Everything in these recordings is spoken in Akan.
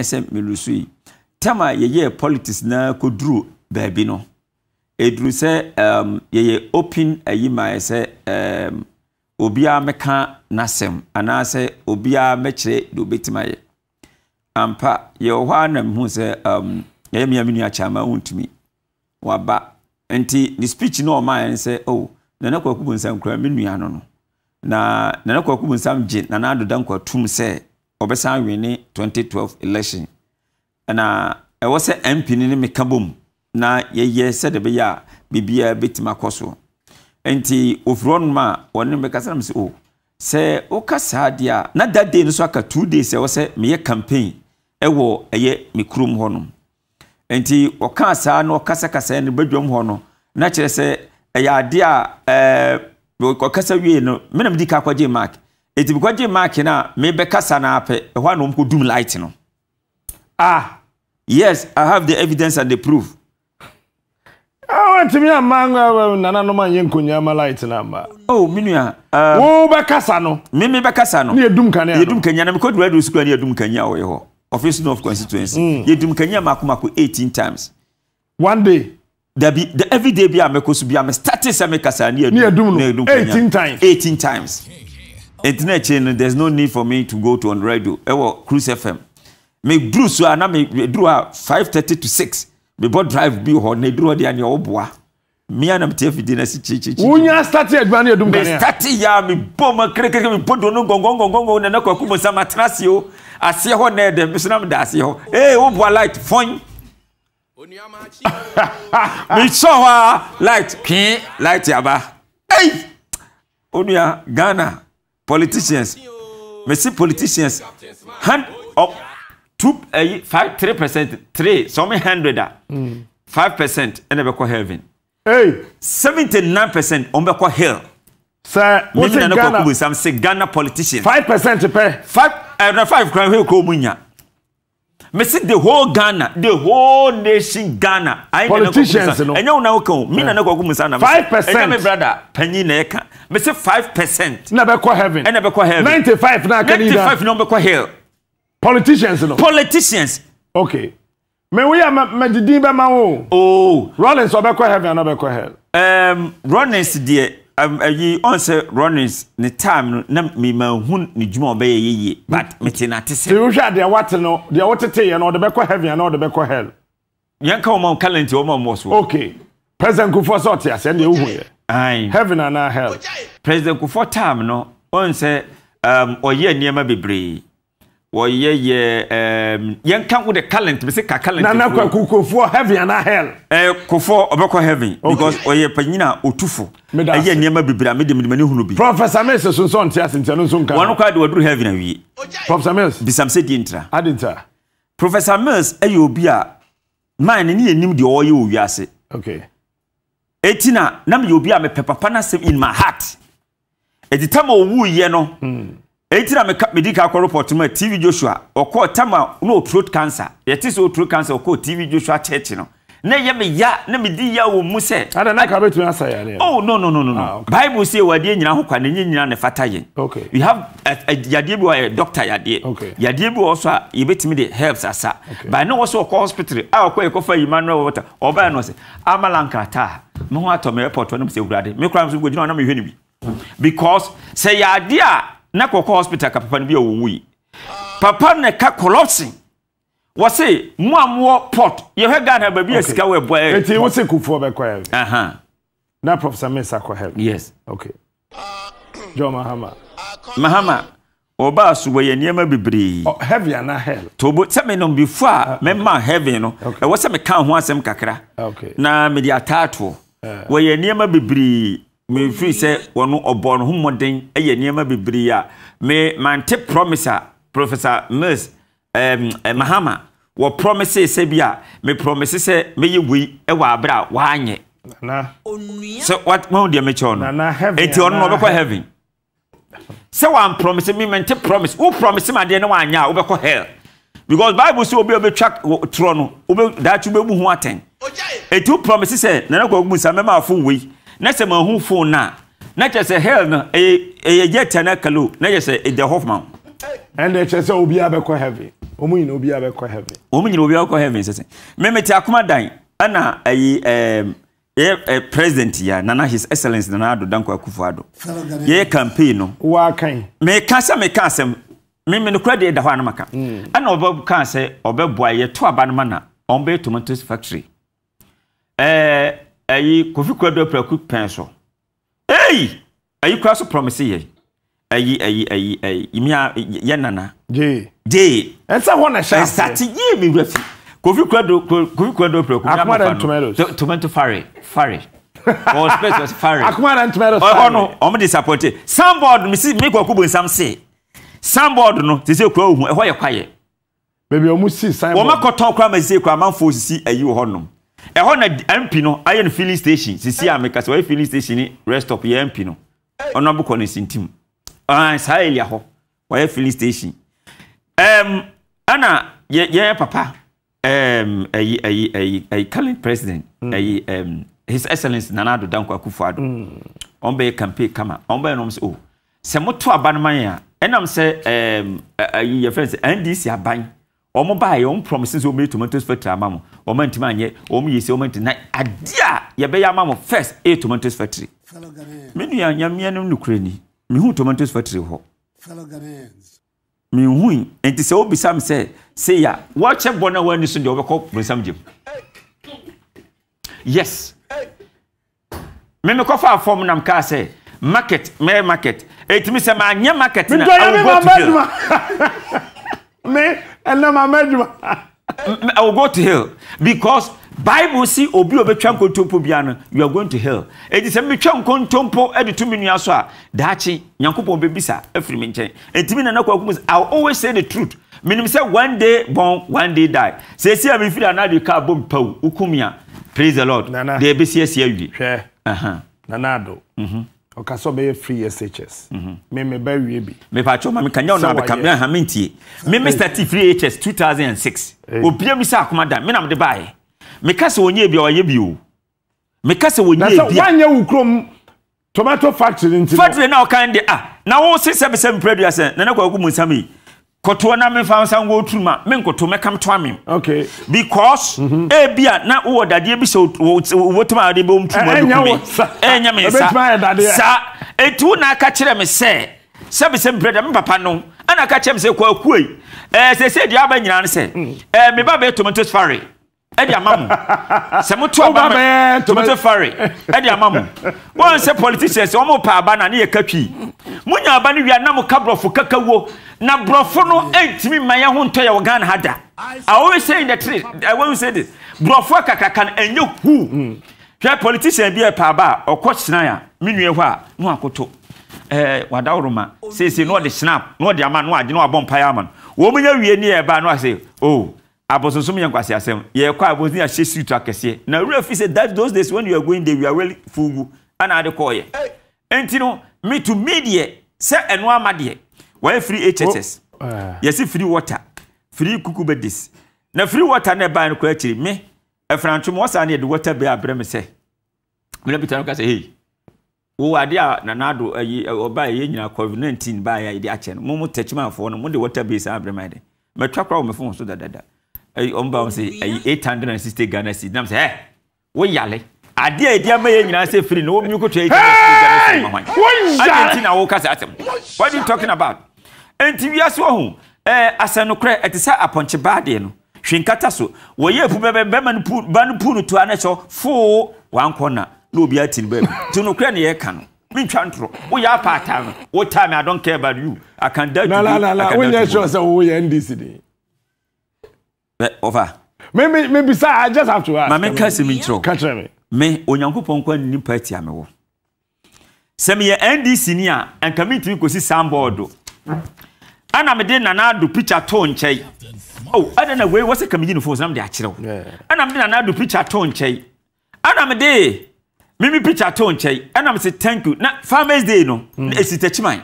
ɛsɛ melusu yi tam a yɛyɛ politics na koduro baabi no eduru sɛ um, yɛyɛ open ayi ma yɛ sɛ um, obiara mɛka n'asɛm anaasɛ obiara mɛkyerɛ deɛ obetuma yɛ ampa yɛwɔ hɔ ara na mehu sɛ um, yɛyɛ mmea me nua kyama waba nti ne speech na ɔma yɛn sɛ oh nana kwaku bonsam kura me nua no no na nana kwaku bonsam gye nana adoda nkwatum sɛ wɔbɛsan wini 2012 election ɛna ɛwɔ sɛ mp ne ne meka bom na yɛyɛ sɛde bɛyɛ a biribiara bɛtumi akɔ so nti ofiri hɔnom a wɔne no mɛkasa nam sɛ o oh, sɛ woka saa deɛ a na that day no so aka two days ɛwɔ sɛ meyɛ campaign ɛwɔ ɛyɛ me kurom hɔnom nti wɔkaa saa na wɔkasakasa no badwam hɔ no na kyerɛ sɛ ɛyɛ adeɛ a ɛɛ wɔkasa wie no menam di ka akɔgye mark eti bi kɔgye mark no a mebɛkasa no apɛ ɛhɔ a na dum light no ah yes i have the evidence and the proof ah, wantumi amma ah, nananom anyɛ nkonnwa ma light no amma o oh, me nua um, wo bɛkasa no me me bɛkasa no ne yɛdum kanea yɛdum kanya na mekɔdu radio school ne yɛdum kanya a wɔyɛ hɔ office north constituency mm. yɛdum kanya maakomako eighteen times one day dabi the everyday bi a mekɔ so bi a mestarte sɛ mekasa ne yɛdum ne yɛdum kanya 18 times 18 times ɛti na akyire no there is no need for me to go to on radio ɛwɔ cruise fm me duru so a na me duru a five thirty to six me bɔ drive bi hɔ na eduru hɔ deɛ nea ɔboa mi a na mi te afidie na si kyikyikyi. wunya stati adwuma ni edum kane a. me stati ya mi bɔ ma kerekere mi bɔ donu gɔngɔngɔngɔngɔ na ne kɔ kumu sa ma tena se o aseɛ hɔ na ɛdɛm bi so na mi da ee o bua light fɔn. mi sɔ hɔ light pin light yaba. ei onua ghana politicians mesi politicians hand up two ɛyi eh, five three percent three some hundred a ah. five percent ɛna bɛ kɔ heaven seventy nine percent ɔn bɛ kɔ hell sɛ o se ghana mímu nana kɔ kubu sam se ghana politicians five percent pɛ five ɛna eh, five kura hɛ kuro mu nya mesi the whole ghana the whole nation ghana. politicians no ɛnyɛ wona woka o mi na ne kɔkɔ musa na five percent ɛnyɛ mi brada panyin na ɛka mesi five percent. na bɛ kɔ heaven ɛna bɛ kɔ heaven ninety five na akɛni da ninety five na bɛ kɔ hell. politicians no politicians. okay mɛwui a mɛdidi bɛ ma wo. ooo oh. rollins ɔbɛ kɔ heaven ana ɔbɛ kɔ hell. ɛɛm um, rollins deɛ ayi ɔn sɛ runnings ne time no na mima hu ne dwuma ɔbɛyɛ yeye but mm-hmm. mete na te sɛ. ti wohwɛ adeɛ wate no deɛ wotete yɛ no ɔde bɛkɔ heaven na ɔde bɛkɔ hell. yɛn ka wɔn kalent wɔn a wɔn so. okay president kufuor sɛ ɔte aseɛ deɛ ohun yɛ. ayi heaven and hell. president for time no ɔn sɛ ɔyɛ nneɛma bebre wɔyɛ yɛ yɛn kan ko de calent bɛ se ka calent. nana kɔ kokofoɔ heaven ana hell. ɛɛ kofoɔ ɔbɛkɔ heaven. okay because ɔyɛ panyina otufo. meda ase ɛyɛ nneɛma bebree a mi de midimani hunu bi. professor mills sunsun nti ase nti ɛno nso nka. wɔn kɔ adi wɔduru heaven awie. professor mills. bisamse di ntira. adi ntira. professor mills ɛyɛ obi a man ni yɛ nim deɛ ɔyɛ wɔ wiase. okay. eti na nam yɛ obi a mepɛ papa na sɛm in my heart. eti tam a owu yɛ no. Mm eti na me medi ka akɔ report mu tv joshua ɔkɔ tam a na otrot cancer yɛte so throat cancer ɔkɔ tv joshua church no na yɛ me ya na medi ya wɔ mu sɛ ada na ka bɛtumi asa yare oh no no no no ah, okay. bible say wadeɛ nyina ho kwa na nyɛ nyina ne fata yɛn okay we have a a yadeɛ bi a doctor yadeɛ okay yadeɛ bi wɔ so a yɛbɛtumi de helps asa okay. by no wɔ so ɔkɔ hospital a ɔkɔ ɛkɔfa emmanuel water ɔbaa no se amalankrata me ho atɔ me airport no sɛ wurade me kora nso gɔgyina na mehwɛ ne bi because sɛ yadeɛ a na kɔkɔ hospital ka papa no bi a papa no ka collapsing wɔse mo a mowɔ port yɛhwɛ ghana baabi a sika wɔ ɛbɔ ɛnti wo se kufuɔ bɛkɔ help na professor mesa kɔ help yes okay john mahama mahama ɔbaa so wɔyɛ nneɛma bebree oh, heavy ana hell tobo sɛ menom before a okay. mɛma heavy no ɛwɔ okay. sɛ meka ho asɛm kakra okay. na mede ataatoɔ eh. yeah. wɔyɛ nneɛma bebree Me mefiri sɛ wɔn ɔbɔ no ho mmɔden yɛ nneɛma bebree a me mante promise professor mills um, mahama wɔ promise sɛ bi me promise sɛ mɛyɛ wei wɔ aberɛ a waanyɛ sɛ wahu deɛ mekyɛw no enti ɔno na ɔbɛkɔ heaven sɛ wampromise me mente promise wo promise ma adeɛ ne waanyɛ a wobɛkɔ hell because bible sɛ obi a wobɛtwa torɔ no daakye wobɛbu ho aten. enti wo promise sɛ nana ko gu sa mɛma afo wei na sɛ mahu phone no na kyerɛ sɛ hell no ɛyɛ gye tia no kalo na kyerɛ sɛ ɛda hɔ ma ɛnɛ kyerɛ sɛ obiaa bɛkɔ heaven ɔmu nyina obiaa bɛkɔ heaven ɔmu nyina obiaa bɛkɔ heaven sɛ sɛ memete akoma dan ɛna ɛyi ɛɛm yɛ president yɛ nana his excellence nana ado danko akufo ado yɛ campaign no waakan meka sɛ meka asɛm mímí no kura deɛ da hɔ a nomaka mm. ɛna ɔbɛ kaa sɛ ɔbɛboa yɛto aba no ma na ɔmbɛyɛ tomatoes factory ɛɛ ɛyi kofi kura do apiraku pɛn so ɛyi ɛyi kura so promise yɛ ɛyi ɛyi ɛyi ɛyi yimia yɛ nana. jee jee. ɛnsa hɔ na ɛhyɛ ase ɛsate yie mi wura fi kofi kura do kofi kura do apiraku. akumada and tomatoes tomato fari fari. ɔwɔ space was fari. akumada and tomatoes fari. ɔhɔ no ɔmo disappointed sanbɔɔd mi si mi kɔ kubo nsam se sanbɔɔd no te se kura ohun ɛhɔ yɛ kwa yɛ. baabi ɔmo si sanbɔɔd. wɔn akɔtɔ kura ma se kura amanfo sisi ɛyi wɔ hɔ nom ɛhɔ na mp no ayɛ no filling station sisi a meka sɛ wɔyɛ filling station ne restop yɛ mp no ɔno abokɔ ne sintim saa elia hɔ wɔyɛ filling station ɛm ɛna yɛ yɛn papa ɛm ɛyi ɛyi ɛyi ɛyi current president mm. ɛyi ɛm his excellence nana ado danko akufo ado mm. ɔn bɛyɛ campaign kama ɔn bɛyɛ nom sɛ o oh, sɛ mo to aba no a ɛnam sɛ ɛyi yɛ fɛn sɛ ndc aban wɔn baayɛ wɔn promise sɛ wɔn yɛ tomatoes factory ama mo wɔn ntoma anyɛ wɔn yɛ sɛ wɔn ntoma na adeɛ a yɛbɛyɛ ama mo first ɛyɛ tomatoes factory me nua nyamea no nukuri ni mihu tomatoes factory hɔ mihu yi nti sɛ obisa mi sɛ sɛ ya wɔkyɛ bɔ na wɔn ani so deɛ wɔbɛkɔ bonsam gyem yes mímu kɔfa fam nam kaa sɛ market mɛ market etimi sɛ maa nye market na awo go to jail. me ɛnam amɛdwuma. I will go to hell because Bible si obi obetwa nkontompo bia no you are going to hell. Eti sɛ metwa nkontompo ɛde to mi nua so a daakye Nyankopɔn bebisa afiri mi nkyɛn. Eti mi nana kɔ akum I always say the truth. Minim sɛ one day born one day die. Sɛsi a mi firi anadio kaa bom pawu ukumi a praise the lord. Nana de ebesi esi awie. Hwɛ. Nana ado. Mm -hmm ɔkasa ɔbɛyɛ free shs meme mhm. bɛwie bi mepatwɛ ma mekanya ɔno abɛkamena ha mentie me mr t free hs 2006 obia mi sɛ akoma da menam de baeɛ meka sɛ ɔnyɛ bi a ɔyɛ bi o meka sɛ ɔnyɛ wo kurom tomato factory nti na ɔkan de ah na wo se sɛ mesɛ mprɛ duasɛ nana kwaku mu nsam yi kotoɔ na mefa nsa ngo turuma me nkoto mɛkam ame okay because mm -hmm. e bia na eh, wo dadeɛ bi sɛ wotum a wode bɛwom tuma bi ɛnyɛ me sa saa ɛtu na aka kyerɛ me sɛ sɛ me sɛ mprɛ me papa no ana aka kyerɛ me sɛ kɔakuei ɛɛ eh, sɛ sɛ deɛ aba nyinaa no sɛ ɛɛ mm. meba bɛyɛ tomatoes fare ɛde ama mu sɛ moto aba mɛ tomato fari ɛde ama mu wɔn sɛ politicians wɔn pa aba na ne yɛ katwi mo nya aba no wia na mo ka borɔfo kaka wo na borɔfo no ɛntumi ma yɛn ho ntɔ yɛ wɔ ghana ha da i always say in the truth i always say this borɔfo akakaka no ɛnyɛ hu hwɛ politician bi yɛ pa aba a ɔkɔ kyenan a me nua hɔ a no akoto ɛɛ wadaworo ma seesei na ɔde snap No ɔde ama na ɔagye na ɔabɔ mpaeɛ ama no wɔn nyɛ wie ne yɛ ba na ɔasɛ oh abosonsom yɛ nkwasi asɛm yɛkɔ abosin ahyɛ suit akɛseɛ na wura fi sɛ that those days when you are going there we are well fugu ana ade kɔɔyɛ nti no me to me deɛ sɛ ɛno ama deɛ wɔyɛ free hss oh, eh. yɛsi free water free kukubedis na free water na ɛbaa no kɔ akyiri me ɛfrantwom wɔsan yɛde water bɛɛ abrɛ me sɛ mena peter no ka sɛ hei wo ade a nanado ayi eh, eh, ɔbaa yɛ nyinaa covid nineteen ba yɛ a yɛde akyɛ no mo mo tɛkyimanfoɔ no mo de water base abrɛ me de mɛtwa koraa wɔ me fon so dadada ɔmo ba ɔmo sɛ ɛyi eight hundred and sixty ghana cedi nam sɛ ɛ woyale adeɛ a yɛde ama yɛ nyinaa sɛ firi na wɔn mu koto eight hundred and sixty ghana cedi ma hwan adeɛ ti na wɔn kasa asɛm what are you talking about nti wiase wɔ ho ɛɛ asɛnukurɛ ɛte sɛ apɔnkye baadeɛ no hwe nkata so wɔyɛ epu bɛbɛ bɛma no pu ba no pu no to anɛ sɛ foo wankɔ na na obi ati no baabi ti no kura na yɛka no mi ntwa ntoro woyɛ apaata no wotaa mi i don't care about you i can die today i can die tomorrow. na la la la wonyɛ sure sɛ woyɛ ndc de ɔfa. mi mi mi bisa i just have to ask. maame ka esi mi nkyerɛw. ka kyerɛ mi. mi onyankopɔn nkwa ni nipa eti ame wɔ sɛ meyɛ ndc ni a nka mi ntumi kosi sanbɔɔdo ɛna mi de nana do picture to nkyɛn o ɛna na wei wɔsɛ kàmi yi ni fone sanam de akyerɛw ɛna mi de nana do picture to nkyɛn ɛna mi de mimi picture to nkyɛn ɛna mi sɛ thank you na farmers day no hmm. esi tɛkyiman.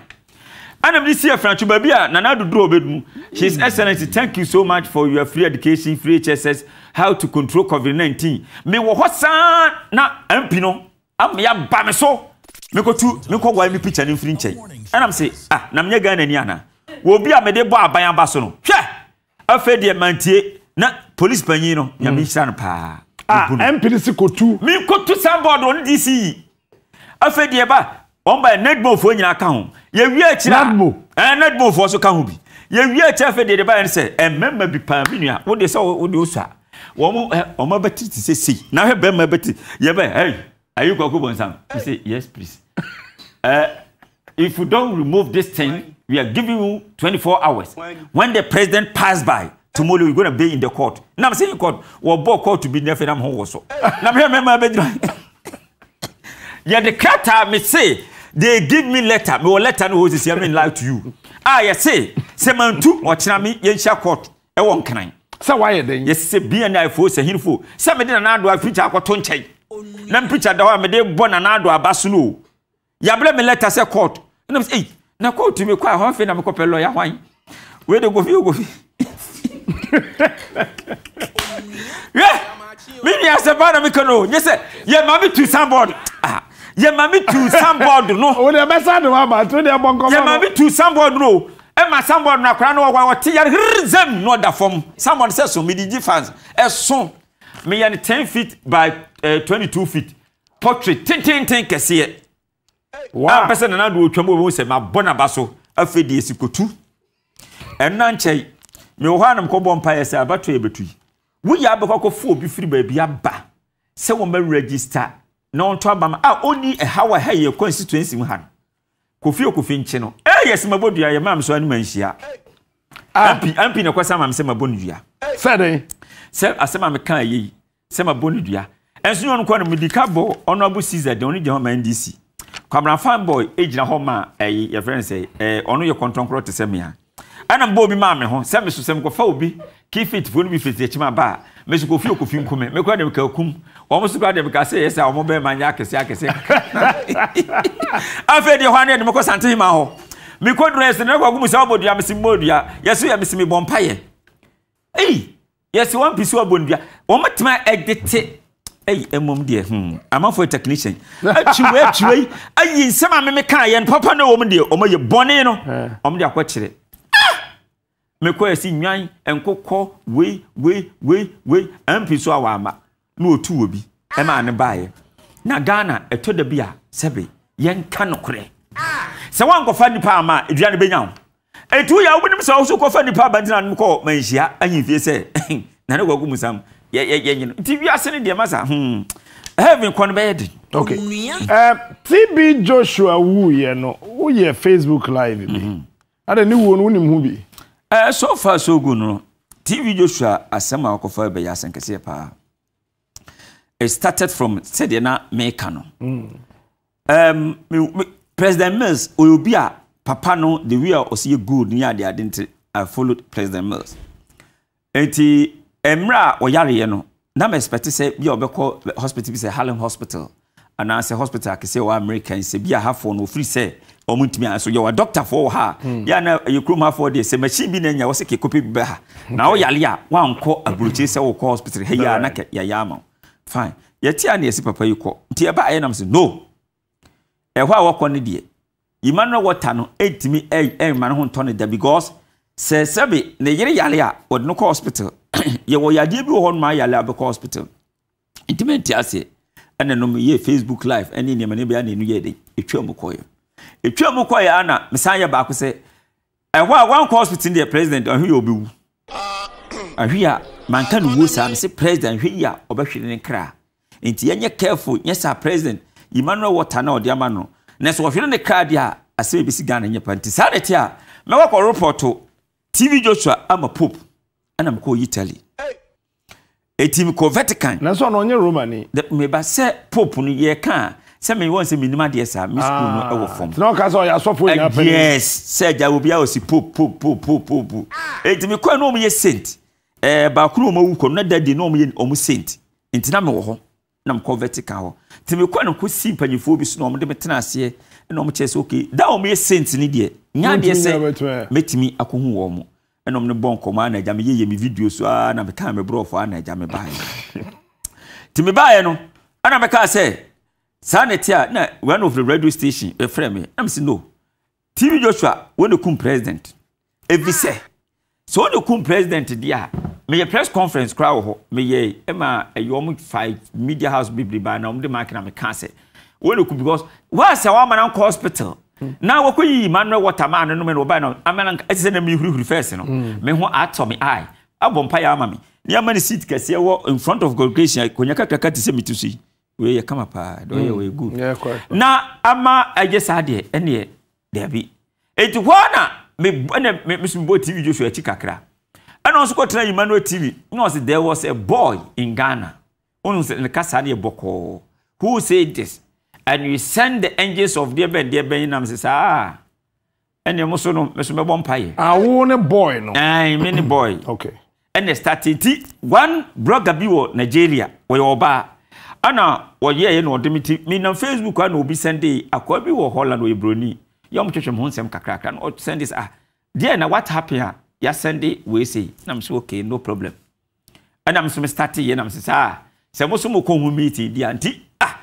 Anam this year, Franchu Babia, Nanadu Drobedmu. His Excellency, thank you so much for your free education, free HSS, how to control COVID 19. Me wo hosa na empino, am ya ba bameso. Meko tu, meko wa mi picture ni mfiri nkyɛn. And I'm say, ah, na mnye Ghana ni ana. Wo bi a me de bɔ aban aba so no. Hwɛ. Afa de mantie na police panyin no, hmm. ya mi hira no pa. Ah, empini si kotu. Mi kotu sambod on DC. Afa de ba, on ba nedmo fo nyina ka ho yɛwie akyira netballfoɔ eh, so ka ho bi yɛwie akyira afei deɛ de baeɛ no sɛ eh, mmarima bi paa me nua wode sɛ wode wo so a wɔm eh, ɔma bɛte te sɛ sei na hwɛ bɛrima bɛte yɛbɛ hey are you kwaku bonsam he say yes please uh, if you don't remove this thing we are giving you twenty-four hours when the president pass by tomorrow you gonna be in the court na i'm saying court wɔbɔ court bi ne afei na mo ho wɔ so na mehwɛ mmarima bɛgyina yɛde krataa me se they give me letter me wɔ letter no wɔ sisi ɛmi lie to you a yɛse sɛmantu ɔkyerɛ mi yɛn hyɛ court ɛwɔ nkran. sɛ wayɛ dɛn. yɛsɛ bni fo sɛ hinfo sɛ mede nana do a pikya akɔto nkyɛn na pikya da hɔ a mede bɔ nana do a so no o yabere mi letter sɛ court ɛnna mi sɛ ɛyi na court mi kɔ a hɔn fɛ na mi kɔ pɛ lɔya hwan wei de gofi o oh, gofi. yɛ mi ni asɛ ba na mi kɛ no yɛ sɛ yɛ maa mi tu sanbɔd ah yɛ maame tu sanbɔɔd no. o de bɛ san de wa ma to de bɔ nkɔmɔ. yɛ maame tu sanbɔɔd no ɛma sanbɔɔd no akora no wɔkɔ ɔte yare rizɛm na ɔda fam sanbɔɔd sɛ so midi gyi fans ɛso meyɛ no ten feet by eh, twenty two feet portrait tententen kɛseɛ. a apɛsɛ nana do otwam wo sɛ ma bɔ naba so afei de esi kotu ɛnna nkyɛn mewɔ hɔ anam kɔbɔ mpa yɛ sɛ abatɔ yɛ bɛtu yi woyɛ abɛkɔ akɔfo obi firi baabi aba sɛ wɔn bɛ register na ɔnto aba ma a ɔni ɛhaw a ɛha yɛ constituency mu ha no kofi okofi nkye no ɛyɛ sɛ mabɔ dua yɛ maam so anum anhyia ah. ampi ampi na kɔsa maam sɛ mabɔ no dua fɛde sɛ asɛm a meka ayɛ yi sɛ mabɔ no dua ɛnso ne ɔno kɔ no mede ka bɔ ɔno abo caesar deɛ ɔno gyina hɔ ma ndc kwamra fanboy gyina hɔ ma ɛyi yɛfrɛ no sɛ ɛɛ ɔno yɛ kɔntɔnkorɔ te sɛ mea ɛna mbɔ obi maa me ho sɛ me so sɛ mekɔfa obi kii fitfoɔ no bi fiti akyim aba a okofi nkome mekɔ de mekakum wɔn nso kura deɛ kase yɛ sɛ wɔn bɛn ma nyɛ akɛse akɛse afei deɛ hɔ ano yɛ de mo kɔ santehima hɔ mi kɔ duro yɛ sɛ ne kɔ gu mu sɛ ɔbɔ dua mi si mu dua yɛ so yɛ mi mi bɔ mpa yɛ eyi yɛ wɔn pisi ɔbɔ dua wɔn tena ɛde te ɛyi ɛmɔm deɛ hmm amanfoɔ technician akyiwe akyiwe yi ayi nsɛm a mimi kan yɛn papa ne wɔn deɛ wɔn yɛ bɔnne no wɔn de akɔ kyerɛ miko yɛ si nwan nkokɔ wei wei wei wei mpi na wɔtu wɔ bi ɛma ne baeɛ na ghana ɛtɔ da bi a sɛbe yɛnka nokorɛ sɛ woankɔfa nnipa ama a aduane bɛnya wo ɛtu yɛ wobinom sɛ wo so kɔfa nnipa abantena nom kɔ manhyia anyimfie sɛ nane kwagu mu sam yɛnyino nti wiase no deɛ ma sa hmm, heaven kɔ no bɛyɛ den okay uh, tb joshua wuyɛ no woyɛ facebook live bi ada mhm. ne wuo no wonim ho bi so far so good no tv joshua asɛm a wɔkɔfa bɛyɛ asɛnkɛseɛ paa it started from sɛdeɛ na meka no mm. um, me, president mills ɔyɛ obi a papa no the way a ɔsi yɛ good ne adeade nti i followed president mills nti mmerɛ a ɔyareɛ no na ma expect sɛ bi a ɔbɛkɔ hospital bi sɛ harlem hospital anaasɛ hospital akɛseɛ wɔ america sɛ bi a hafoɔ no ɔfiri sɛ ɔmo ntumi aso doctor doctorfoɔ wɔ ha yɛ na yɛ kurom hafoɔ deɛ sɛ machine bi na nya wɔ sɛ kɛkɔpɛ bi bɛ ha na ɔyare a wankɔ aburokyi sɛ wɔkɔ hospital ha yi a na yɛyɛ ama wo fine yɛte a ne yɛsi papa yi kɔ nti ɛba ayɛ nam sɛ no ɛhɔ a wɔkɔ no deɛ yima no wɔta no ɛntumi ɛma no ho ntɔ no da because sɛ sɛbe ne yere yale a wɔde no kɔ hospital yɛwɔ yadeɛ bi wɔ hɔ nom ayale a bɛkɔ hospital ntumi nti aseɛ ɛna nom yɛ facebook live ɛne nneɛma no bi a n'enu yɛ de etwa mu kɔɛ etwa mu kɔɛ ana mesan yɛ baako sɛ ɛhɔ a wɔnkɔ hospital deɛ president ɔhwe yɛ obi wu ahwe a manka no wuo saa no sɛ president hwɛ yi a ɔbɛhwere ne kra nti yɛnyɛ careful nyɛ saa president emmanuel water na ɔde ama no na sɛ ɔhwere ne kra deɛ a asɛm ebisi ghana nyɛ pa nti saa de te a mɛwɔ kɔ tv joshua ama pope ɛna mekɔ italy eti mekɔ vatican. nanso ɔno ɔnyɛ romani. meba sɛ pope no yɛ kan sɛ mi wɔn sɛ mi nim adeɛ saa mi sukuu no ah. ɛwɔ fam. sinɛ ɔka sɛ ɔyɛ asɔfo yɛ apɛ. Eh, yes sɛ gya obi a osi pope pope pope pope pope eti mekɔ ɛna wɔn yɛ saint ɛɛ eh, baako na wɔn awu na dadi na wɔn yɛ wɔn saint nti na mi wɔ hɔ na mi kɔ vertical hɔ te mi kɔ na kɔ si mpanyinfoɔ bi so na wɔn de mi tena aseɛ ɛna wɔn kyerɛ sɛ okay da wɔn yɛ saint ni deɛ nya deɛ sɛ mɛtumi akɔhu wɔn ɛna wɔn ne bɔ nkɔmɔ ana ah, agya mi yɛ yɛ mi video so aa ah, na mi kaa mi borɔfo ana ah, agya mi baa yɛ te mi baa yɛ no ɛna mi kaa sɛ saa na ti a na one of the radio station ɛfrɛ mi ɛna mi si no tv joshua wɔn ne kum president ebi sɛ sɛ wɔn ne kum president deɛ a meyɛ press conference koraa wɔ hɔ meyɛ ma ɛyɛ ɔmo five media house bibiri ba na ɔmo de maaki na meka sɛ wɔn because wɔasɛ wɔama na nkɔ hospital na wɔkɔ yi emmanuel water maa no nomɛ na wɔbaa na amana nka ɛte sɛ na mehurihuri fɛs no me ho atɔ me eye abɔ mpa yɛ ama me nneɛma ne seat kɛseɛ wɔ in front of congregation akonnwa kakraka te sɛ metu so yi wei kama paa dɛ ɔyɛ wɔyɛ good na ama ɛgye saa deɛ ɛneɛ daabi enti hɔ na me ɛna me so mbɔ tv joshua akyi kakra ɛna ɔnso kɔtena Emmanuel TV na ɔsi there was a boy in Ghana ɔno sɛ ne kasa deɛ bɔkɔɔ who said this and you send the angels of deɛ bɛn deɛ bɛn nam sɛ saa ɛna mo so no mo so bɛbɔ mpaeɛ. awo ah, ne boy no. ɛn me ne boy. okay. ɛna starting ti one blogger bi wɔ Nigeria wɔyɛ ɔbaa ɛna wɔyɛɛ na ɔde mi ti mi nam Facebook a na obi sɛnde akɔrɔ bi wɔ Holland wɔyɛ Broni yɛn mo twɛtwɛ mo ho nsɛm kakrakra na ɔsɛnde sɛ ah deɛ na what happen ah yasɛnde wei sei na m okay no problem ɛna m so mestarte yɛ na m sɛ saa mo so mokɔ ho meeting di a nti ah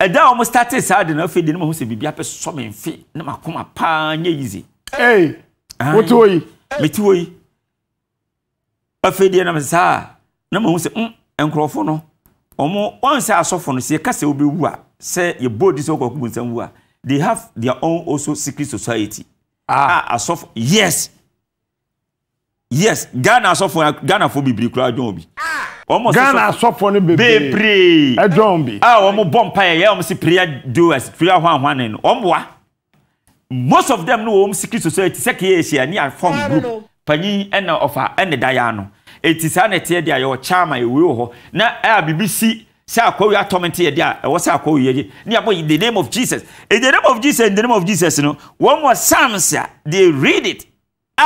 ɛda a ɔmo starte saa de na afei de ne mahu sɛ biribi apɛ me mfe na makoma paa nyɛ yize ei wote wɔ yi mete wɔ yi afei deɛ na m sɛ na mahu sɛ mm nkurɔfo no ɔmo ɔnsɛ asɔfo no sɛ yɛka sɛ a sɛ yɛbɔɔ di sɛ wokɔko bu nsɛm wu a they have their own also secret society ah. a yes yes ghana asɔfo ghana fo bebree kura adwɔn bi. Ah! ɔmo ghana asɔfo no bebree bebree adwɔn bi. Ah, a wɔn bɔ mpa yɛ yɛ wɔn si prayer doers prayer hwanhwan no wɔn wa most of them no wɔn sikiri society sɛ kee ehyia ne afɔm group panyin ɛna ɔfa ɛna daya no eti saa na ɛteɛ deɛ yɛwɔ kyaama ewie wɔ hɔ na ɛyà bibi si sɛ akɔwi atɔmɛnti yɛ deɛ ɛwɔ sɛ akɔwi yɛ de ne yabɔ in the name of jesus in the name of jesus in the name of jesus no wɔn wɔ psalms a they read it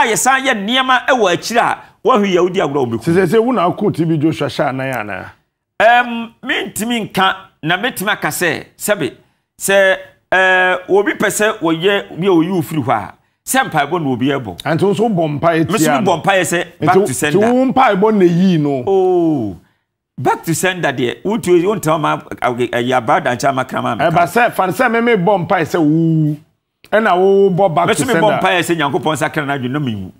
a yɛsan yɛ nneɛma wɔ akyire a wɔahwe yahudi agorɔ wɔn bɛku. sisese wo na ako tv joshua hyɛ anan ana. ɛɛm mintimi nka na mintimi aka sɛ sɛbi sɛ ɛɛ obi pɛ sɛ wɔyɛ bi a oyi ofiri hɔ a sɛ mpaebɔ na obi ɛbɔ. nti nso bɔ mpae tia no mesin bɔ mpae sɛ back to sender. nti wo mpaebɔ na eyi no. ooo back to sender deɛ wotu wontɛn ma ɛyɛ abaa dankyɛn ama kraman. ɛba sɛ fanisɛ mi mi bɔ mpae sɛ wuu ɛna wobɔ back to sender mɛtumi bɔ mpaeɛ sɛ nyankopɔn sakra no adwene na mewu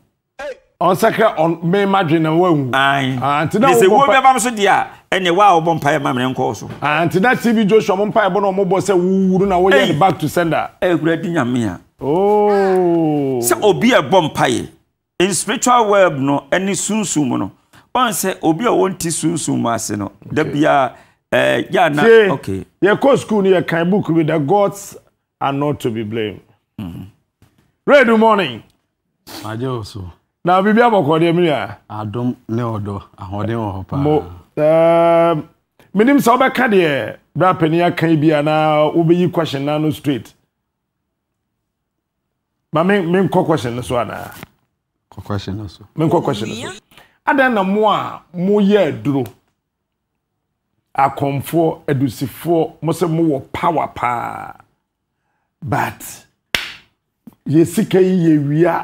ɔnsakra mema dwene na woawu ah, nti na sɛ wuo bɛbam so deɛ a ɛne wo a wobɔ mpaeɛ ma mene nkɔɔ so ah, nti na tv joshua mo mpaeɛ bɔ na ɔmobɔ sɛ wowuru na woyɛ ne back to sender ɛkura di nyame oh. sɛ obi a ɛbɔ mpaeɛ in spiritual world no ɛne sunsum mu no ɔn sɛ obi a wɔnti sunsum mu ase no da biara ɛɛ yɛ ana okay eh, yɛkɔ school no book bi the gods are not to be blamed Mm-hmm. red morning agye oso na biribi abɔkɔdeɛ mmiri a adom ne ɔdɔ ahoɔden wɔ hɔ paa mo menim um, sɛ wobɛka deɛ bra pani aka question na no ma question so question question so adan na mo a mo power paa but yɛsika yi wia,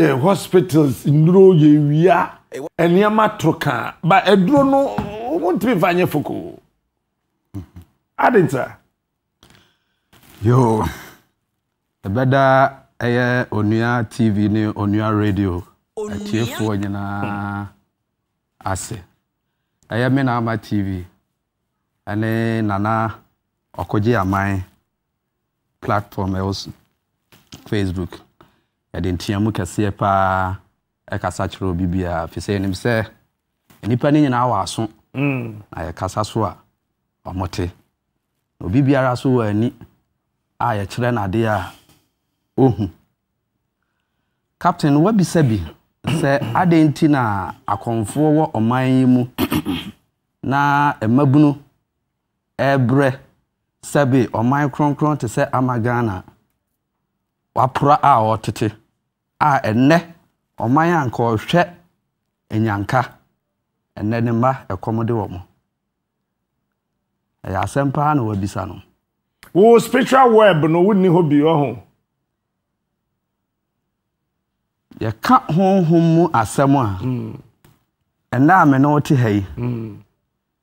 yɛ hospitals nnuro yɛwia nneɛma toro kaa ba aduro no wɔntumi fa nyɛ foko adenta yo ɛbɛda ɛyɛ onua tv na onua radio atiefoɔ nyinaa ase ɛyɛ me na ama tv ɛne nana ɔkɔgye aman platform ɛwɔ facebook yɛde nteamu kɛseɛ paa ɛkasa kyerɛ obi biara fi sɛ yɛnim sɛ nnipa no nyinaa wɔ aso mm. na yɛkasa so a ɔmote obi biara so wɔ ani a yɛkyerɛ n'adeɛ a ɔhu captain wabisa bi sɛ adɛn nti na akɔmfoɔ wɔ ɔman yi mu na mmabunu ɛbrɛ sɛbe ɔman kronkron te sɛ ama ghana wapora a ɔtete a ɛnnɛ ɔman anka ɔhwɛ anyanka ɛnnɛ ne mma ɛkɔm de wɔ ɛyɛ asɛm paa na wabisa no spiritual web no wonni hɔ bi ɔho yɛka honhom mu asɛm a mm. ɛnnɛ a me wote ha yi mm.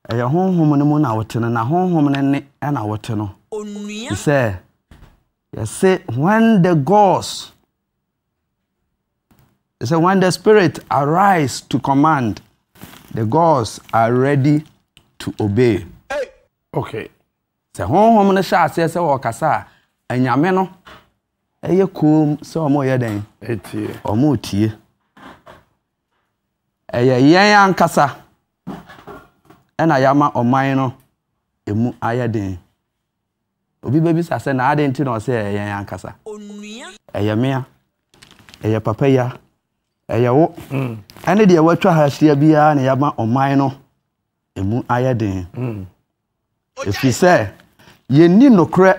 ɛyɛ honhom no mu na wote no na honhom no ɛna no yɛse when the gods yɛsɛ when the spirit arise to command the gods are ready to obey okay sɛ honhom no hyɛ aseɛ sɛ wɔkasa a anyame no ɛyɛ koom sɛ ɔmo yɛ dɛn ɔmo tie ɛyɛ yɛn ankasa ɛna yɛama ɔman no ɛmu ayɛ den obi bɛbi sa sɛ na adɛn nti na ɔsɛ ɛyɛ yɛn ankasa ɛyɛ mmea ɛyɛ papaya ɛyɛ wo mm. ɛne deɛ wɔatwa ha ahyia biara na yaba ɔman no ɛmu ayɛ den mm. ɛfiri sɛ yɛnni nokorɛ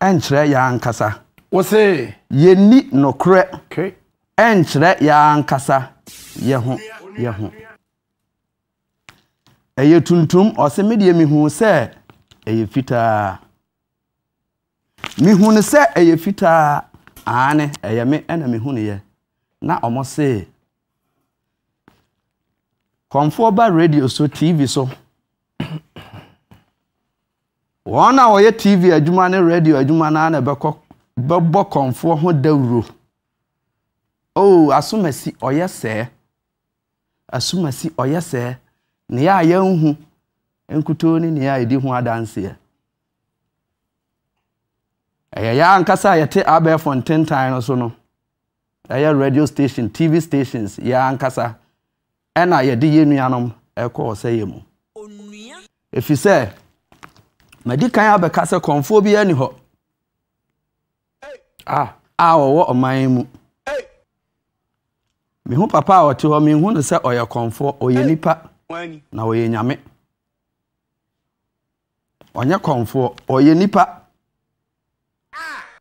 ɛnkyerɛ yɛn ankasa wɔse yɛnni nokorɛ ɛnkyerɛ yɛn ankasa yɛ ho yɛ ho ɛyɛ tuntum ɔsɛ me deɛ mehu sɛ ɛyɛ fitaa mehunu sɛ ɛyɛ fitaa aane ɛyɛ me ɛna mehunuyɛ na ɔmo se kɔmfoɔ ba radio so tv so wɔn a wɔyɛ tv adwuma ne radio adwuma naa na ɛbɛkɔ bɛbɔ kɔmfoɔ ho dawuro oh asomasi ɔyɛ sɛɛ asomasi ɔyɛ sɛɛ nea a yɛnhu nkutoo ne nea a yɛdi ho adanseɛ ɛyɛ yɛ ankasa a yɛte abɛɛfo ntentan no so no ɛyɛ radio station tv stations yɛ ankasa ɛna yɛde yɛ nuanom ɛkɔ ɔsɛ yɛ mu ɛfiri sɛ madi kan abɛka sɛ kɔnfoɔ bi ani hɔ a wɔwɔ ɔman mu mehu papa a ɔte hɔ mehu no sɛ ɔyɛ kɔnfoɔ ɔyɛ nipa na ɔyɛ nyame ɔnyɛ kɔnfoɔ ɔyɛ nipa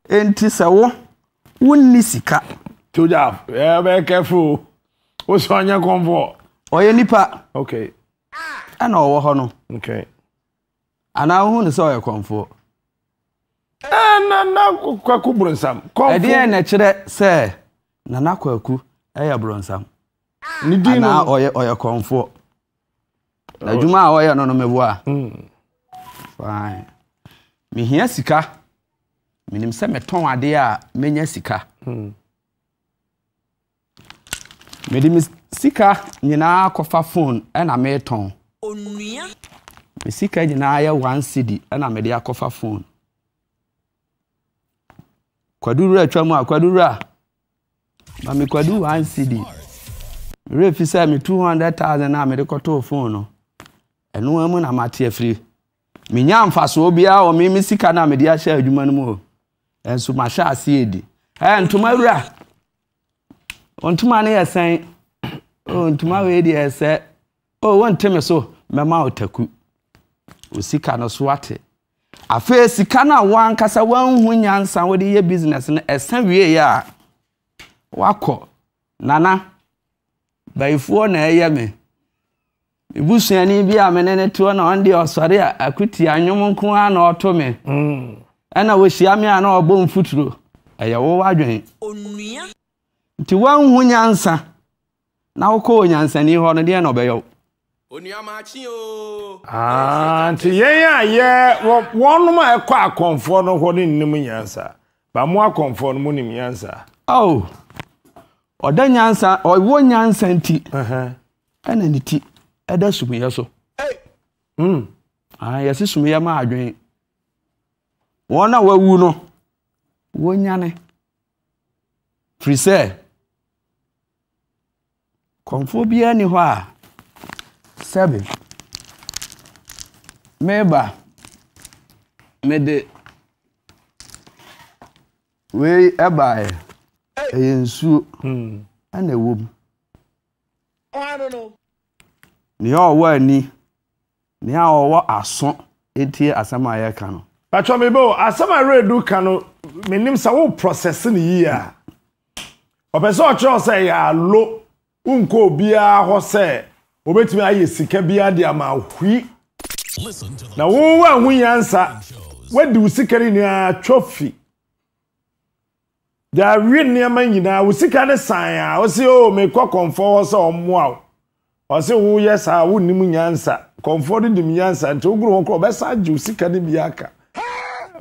nti sɛ wo wonni sika. tuja ẹ bẹ kẹfù o sọ ọnyẹ kọmfọ. ɔyɛ nipa. okay. ɛna ɔwɔ hɔ no. okay. anaa ohun ne sɛ ɔyɛ kɔmfo. ɛɛ nana kwaku buronsam. kɔmfo ɛdeɛ na kyerɛ sɛ nana kwaku ɛyɛ buronsam. ne din no anaa ɔyɛ ɔyɛ kɔmfo. na adwuma a ɔyɛ no no meboa. Mm. fine mihia sika menim sɛ metɔn adeɛ a menya sika mede hmm. me sika nyinaa kɔfa phone ɛna meretɔn me sika nyinaa yɛ one cd ɛna mede akɔfa phone kwadurura atwa mu a kwadurura ma me kwadu one cd merɛ fi sɛ me thousand a mede kɔtɔɔ phone no ɛnoa mu na mate afiri menya mfasoɔ biara wɔ me me sika no a mede ahyɛ adwuma no mu o nso mahyɛ ase edi ɛɛ ntoma wura ntoma no yɛ sɛn o oh, ntoma wei deɛ sɛ. o oh, wɔntemi so mɛma wo taku o sika no so ate afei sika no a wankasa wanhu nyansa wɔde yɛ business no ɛsɛ wie yɛ a wakɔ nana bayifoɔ na ɛyɛ me ebusuani bi a me ne ne toɔ na ɔn deɛ ɔsɔre a akuti anwom nko ara na ɔto me. Mm. ɛna wɔhyia me a na ɔbɔ mfuturo ɛyɛ wowɔ adwene nti woanhu nyansa na wokɔ onyansani hɔ no deɛ na ɔbɛyɛ wo nti yɛn a yɛ wɔnom a ɛkɔ akɔmfoɔ no hɔ no nnim nyansa ba mo akɔmfoɔ no mu nim nyansa o ɔda nyansa ɔwɔ nyansa nti ɛna ne ti ɛda sumiyɛ so mm. yɛse sumiyɛ ma adwene wɔn a wawu no wonyane firi sɛ kɔmfoɔ biara ni hɔ a sɛbe meba mede wei ɛbaeɛ ɛyɛ nsuo ɛna ɛwɔ mu nea ɔwɔ ani nea ɔwɔ aso etie asɛm a yɛka no pàtó mi bò asɛm a redu ka menim sɛ wo process ne yie a ɔpɛ sɛ ɔkyerɛ sɛ yɛ alo wonkɔ obiara hɔ sɛ wobɛtumi ayɛ sika biara de ama ahwi na wowɔ ahu nyansa woadi wo sika no nyinaa twɔ fi de awe nneɛma nyinaa wo sika ne san a ɔse o oh, mekɔ kɔmfɔ hɔ sɛ ɔmmoa wo ɔse woyɛ saa wonnim nyansa kɔmfɔ no nim nyansa nti wogoro hɔ korɔ ɔbɛsa agye wo sika no bi aka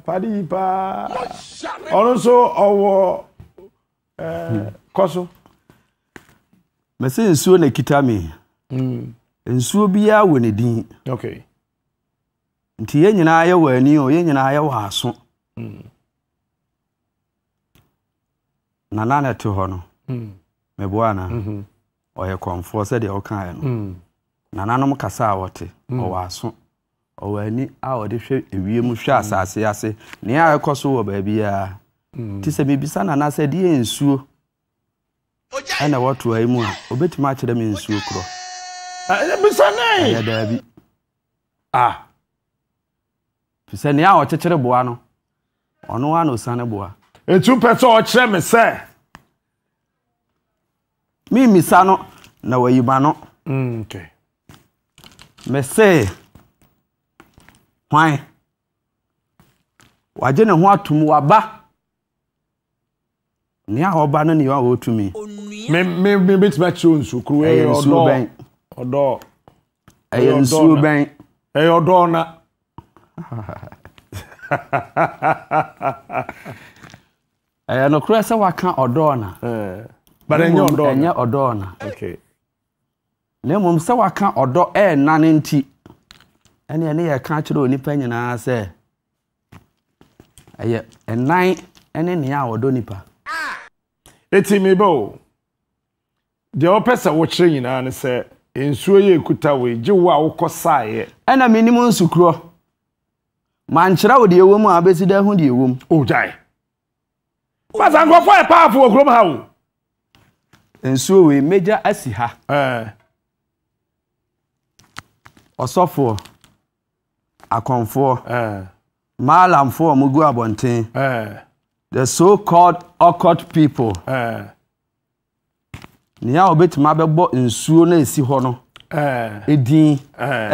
pade yi paa ɔno nso ɔwɔ kọ so mɛsɛ nsuo na ekita me hmm. nsuo biara wọ ne din nti yɛn nyinaa yɛwɔ ani o yɛn nyinaa wọ aso hmm. na na na te hɔ no hmm. meboa na mhm. ɔyɛ kɔmfoɔ sɛdeɛ wokaeɛ no nananom kasa a wɔte ɔwɔ aso ɔwɔ ani a ɔde hwɛ ewiem hwɛ asase ase nea ɛkɔ so wɔ baabi a mm. ti sɛ mibisa na anasɛ de yɛ nsuo ɛna wɔto ha yi mu a obetumi akyerɛ mi nsuo korɔ. bisa ne. ɛyɛ daabi a sɛ nea ɔkyekyere boa no ɔno ara na osiane boa. etu pɛ sɛ mi sɛ. mi misa no na wɔyi ma no. mɛ mm, sɛ. hwan wagye ne ho atom waba nea ɔba no nea ɔwɔ tumi mebɛtumi akyerɛ nsuo kuro ɛyɛ nsuo bɛn ɔdɔɔ ɛyɛ nsuo bɛn ɛyɛ ɔdɔɔ na ɛyɛ nokorɛ sɛ waka ɔdɔɔ na ɛnyɛ ɔdɔɔ na na mmom sɛ waka ɔdɔ ɛɛna no nti ɛne ɛne yɛ ka kyerɛ onipa nyinaa sɛ ɛyɛ ɛnan ɛne nea a wɔdɔ nipa. eti mi bɛ o deɛ wɔpɛ sɛ wɔkyerɛ nyinaa ne sɛ nsuo yɛ ekuta wei gye wo a wokɔ saayɛ. ɛna mi nim nsukurɔ mankyerɛ wo deɛ ɛwɔ mu a abɛsi dɛ ho deɛ ɛwɔ mu. o gyae masa nkurɔfoɔ yɛ paafo wɔ kurom ha o. nsuo wei mmegya asi ha. ɔsɔfoɔ akɔnfoɔ eh. maalamfoɔ a mogu abɔnten eh. the so called occult people eh. nea wɔbɛtumi abɛbɔ nsuo no ɛsi hɔ no ɛdin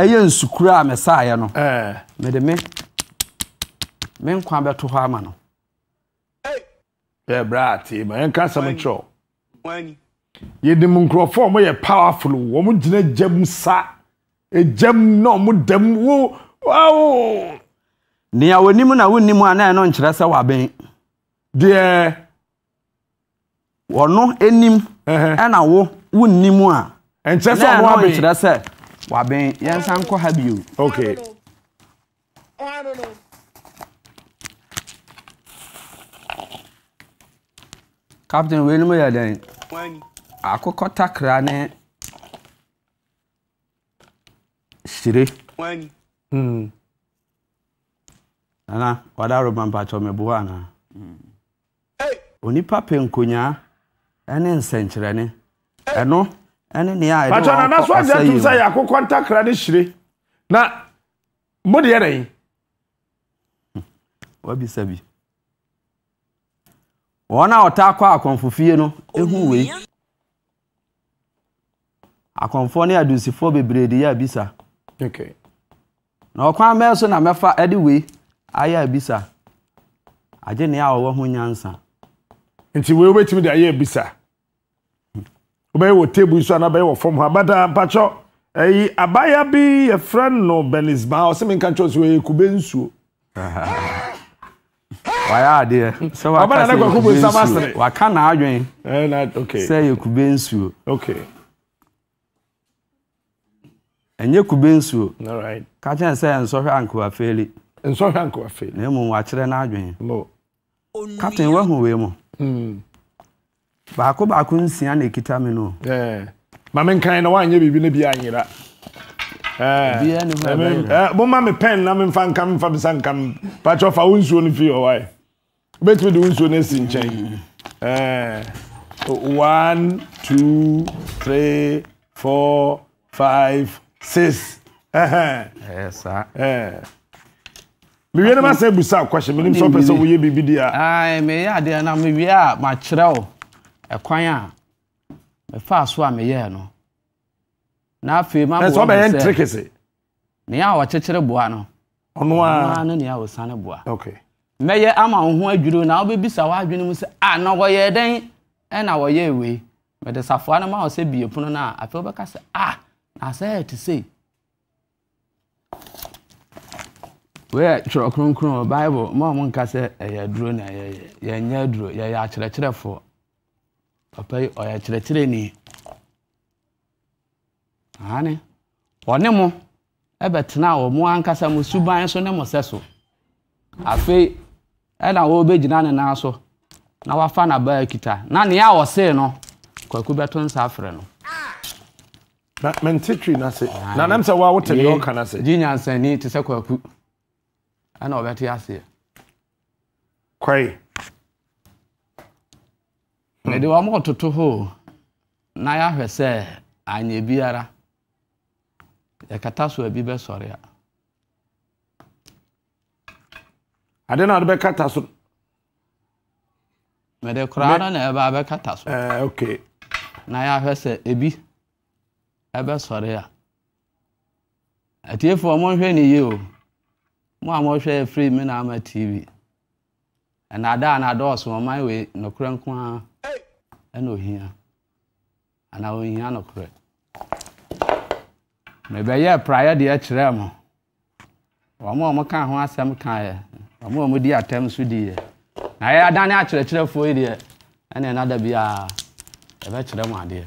ɛyɛ nsukura a mesaeɛ no mede me me nkwa bɛto hɔ ama no yɛbrɛ ate ma yɛnka asɛm kyerɛw yɛnim nkurɔfoɔ a wɔyɛ powerful wɔm gyina gyam sa ɛgyam na ɔmo dam wo nea na wonnim a na nkyerɛ sɛ wabɛn deɛ wɔno anim ɛna wo wonnim a nkyerɛ sɛ ɔno abɛn nkyerɛ sɛ ha bio okay captain wei no akokɔ takra ne Mm. ana wada roba mpakyɛ meboa anaa onipa pɛ nkonyaa ne nsɛnkyerɛne ɛno ne nea ɛdepakyɛ nana so agya tom sɛ yɛ akokɔ ntakra ne hyire na modeɛ nayi hmm. wabisa bi wɔn a ɔtaa kɔ akɔnfofie no ehu wei akɔnfoɔ ne adusifoɔ bebree de yɛ abisa okay. na ɔkwan so na mɛfa ɛde wee ayọ abisa agye ọwụwa hụ nyansa nti wee wetumi de ayọ abisa wobɛyɛ wọ tebụl so anaa bɛyɛ wɔ fọm ha abada mpakyɛ eyi abaya bi yɛfrɛ no benisba ɔsɛ menka kyerɛ sɛ eyi kube nsuo wayɛ adeɛ sɛ waka na adwen sɛ yɛ kube nsuo ɛnyɛ kube nsuo ka kyɛn sɛ nsɔhwɛ ankobafeeli nsɔhwɛ ankobafeeli na mmom wakyerɛ n'adwene captain wahu wei mu hmm. baako baako nsia na ekita mi no. maame nkan na wanyɛ biribi ne bi anyera. biya ne ho ɛbɛn yira mo ma mi pɛn na mi nfa nka mi nfa mi sa nka mi fa wo nsuo no fi hɔ wae obetumi de wo nsuo no esi nkyɛn one two three four five. six. saa. mewie no masɛ busa kwahye menim sɛ wopɛ sɛ woyɛ biribi di a meyɛ adeɛ no mewie a makyerɛ wo ɛkwan a mefaa so a meyɛɛ no na afei mabsɛ wobɛyɛ nterekese nea a wɔkyekyere boa no ɔnoa no nea wɔsane boa mɛyɛ ama wo ho adwiri na wobɛbisa w'adwene mu sɛ a ah, na ya dɛn ɛna wɔyɛ wei mede safoa no ma wɔ sɛ bie pono no a afei wobɛka sɛ ah asa yɛ te sei wei twerɛ kronkron wɔ bible ma ɔmo nka sɛ ɛyɛ eh, aduro na yɛyɛ yɛnyɛ aduro yɛyɛ akyerɛkyerɛfoɔ papa yi ɔyɛ oh, kyerɛkyerɛni ahane ɔne mo ɛbɛtena eh, wɔ mo ankasa mo suban so ne mo sɛ so afei ɛna eh, wɔbɛgyina ne nan so na wafa n'aba akita na nea ɔsee no kwaku bɛto nsa afrɛ no na mente tiri n'ase na ah, nam sɛ wa wote deɛ ɔka n'ase. gye nyansani te sɛ kwaku ɛna ɔbɛte aseɛ. kwae. Hmm. mede wɔn ɔtoto hɔ na yɛahwɛ sɛ anyɛ biara yɛkata so abi bɛsɔre a. ade na ɔde bɛkata so. mede koraa no na ɛba bɛkata so. ɛɛ eh, ok. na yɛahwɛ sɛ ebi ɛbɛsɔre a atiefoɔ monhwɛ ne yie o mo a mohwɛ firi me na ama tv ɛnada a nadɔɔso ɔman wei nokorɛ nko a ɛna ohia anaa ohia nokorɛ mebɛyɛɛ praeɛ deɛ kyerɛɛ mo ɔmo a ɔmo ka ho asɛm kaeɛ ɔmo a ɔmo di atɛm so diiɛ na yɛ adane akyerɛkyerɛfoɔ e yi deɛ ɛne ɛnada bi a ɛbɛkyerɛ mo adeɛ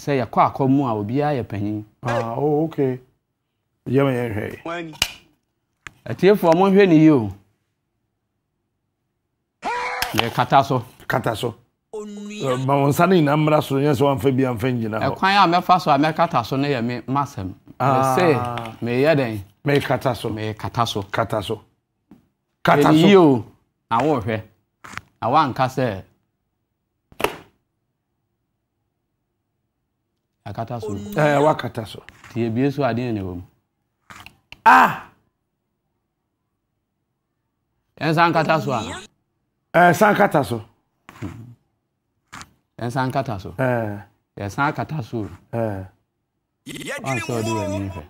sɛ yɛkɔ akɔ mu a obiara yɛ panyin. ah oh, ok yɛm yɛn hwɛ yi. atiefoɔ mo nhwɛ ne yi o yɛ kata so. kata so eh, ma wọn nsa ne nyinaa mmara so yẹn sɛ wamfa bi amfa nyina hɔ. ɛkwan a mɛfa so a mɛkata so no yɛ me masɛm. ah mɛ se mɛ yɛ dɛn. mɛ kata so mɛ kata so. kata so kata so. ne yi o na wɔn na wɔn sɛ. akata so eh wakata so ti ebie so ade ne wom ah en san so ana eh san kata so en san so eh en san kata so eh ye so do ani hwe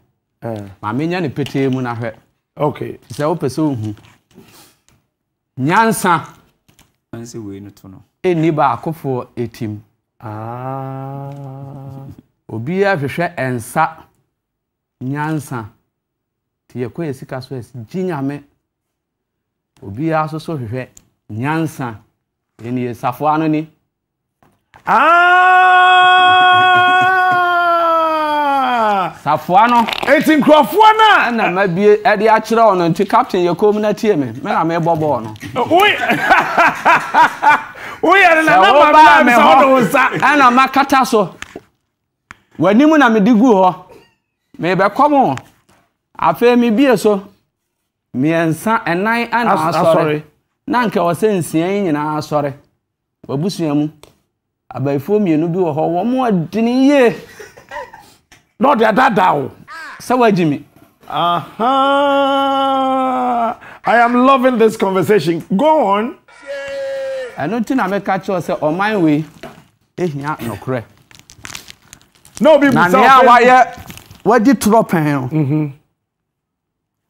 eh ma me nya ne pete mu na hwe okay se wo pese ohu nyansa nyansa we no to no eni ba akofo etim Ah. obiaa hwehwɛ ɛnsa nyansa nti yɛkɔ yɛ sika so ɛsi gye nyame obiaa so so hwehwɛ nyansa ɛni yɛ safoa no ni ah! safoa no eti nkurɔfoɔ no a ɛna mabie ɛde akyerɛ ɔ no nti captain yɛ kom no atie me mena mebɔ bɔɔ no na woyɛrenanaba me hɔ ɛna makata so w'anim na mede guu hɔ mebɛkɔm afei mebie so miɛnsa ɛnan anaasɔre na nkɛ wɔ sɛ nsia yi nyinaa asɔre wabusua mu abayifoɔ mmienu bi wɔ hɔ wɔ mo adini yie na ɔde adada wo sɛ wagyi me aha i am loving this conversation go on ɛno nti na mɛka kyerɛ sɛ ɔman wei ehia nɔkorɛ na obi busa ɔfɛ na nea wayɛ wagye torɔ pɛn no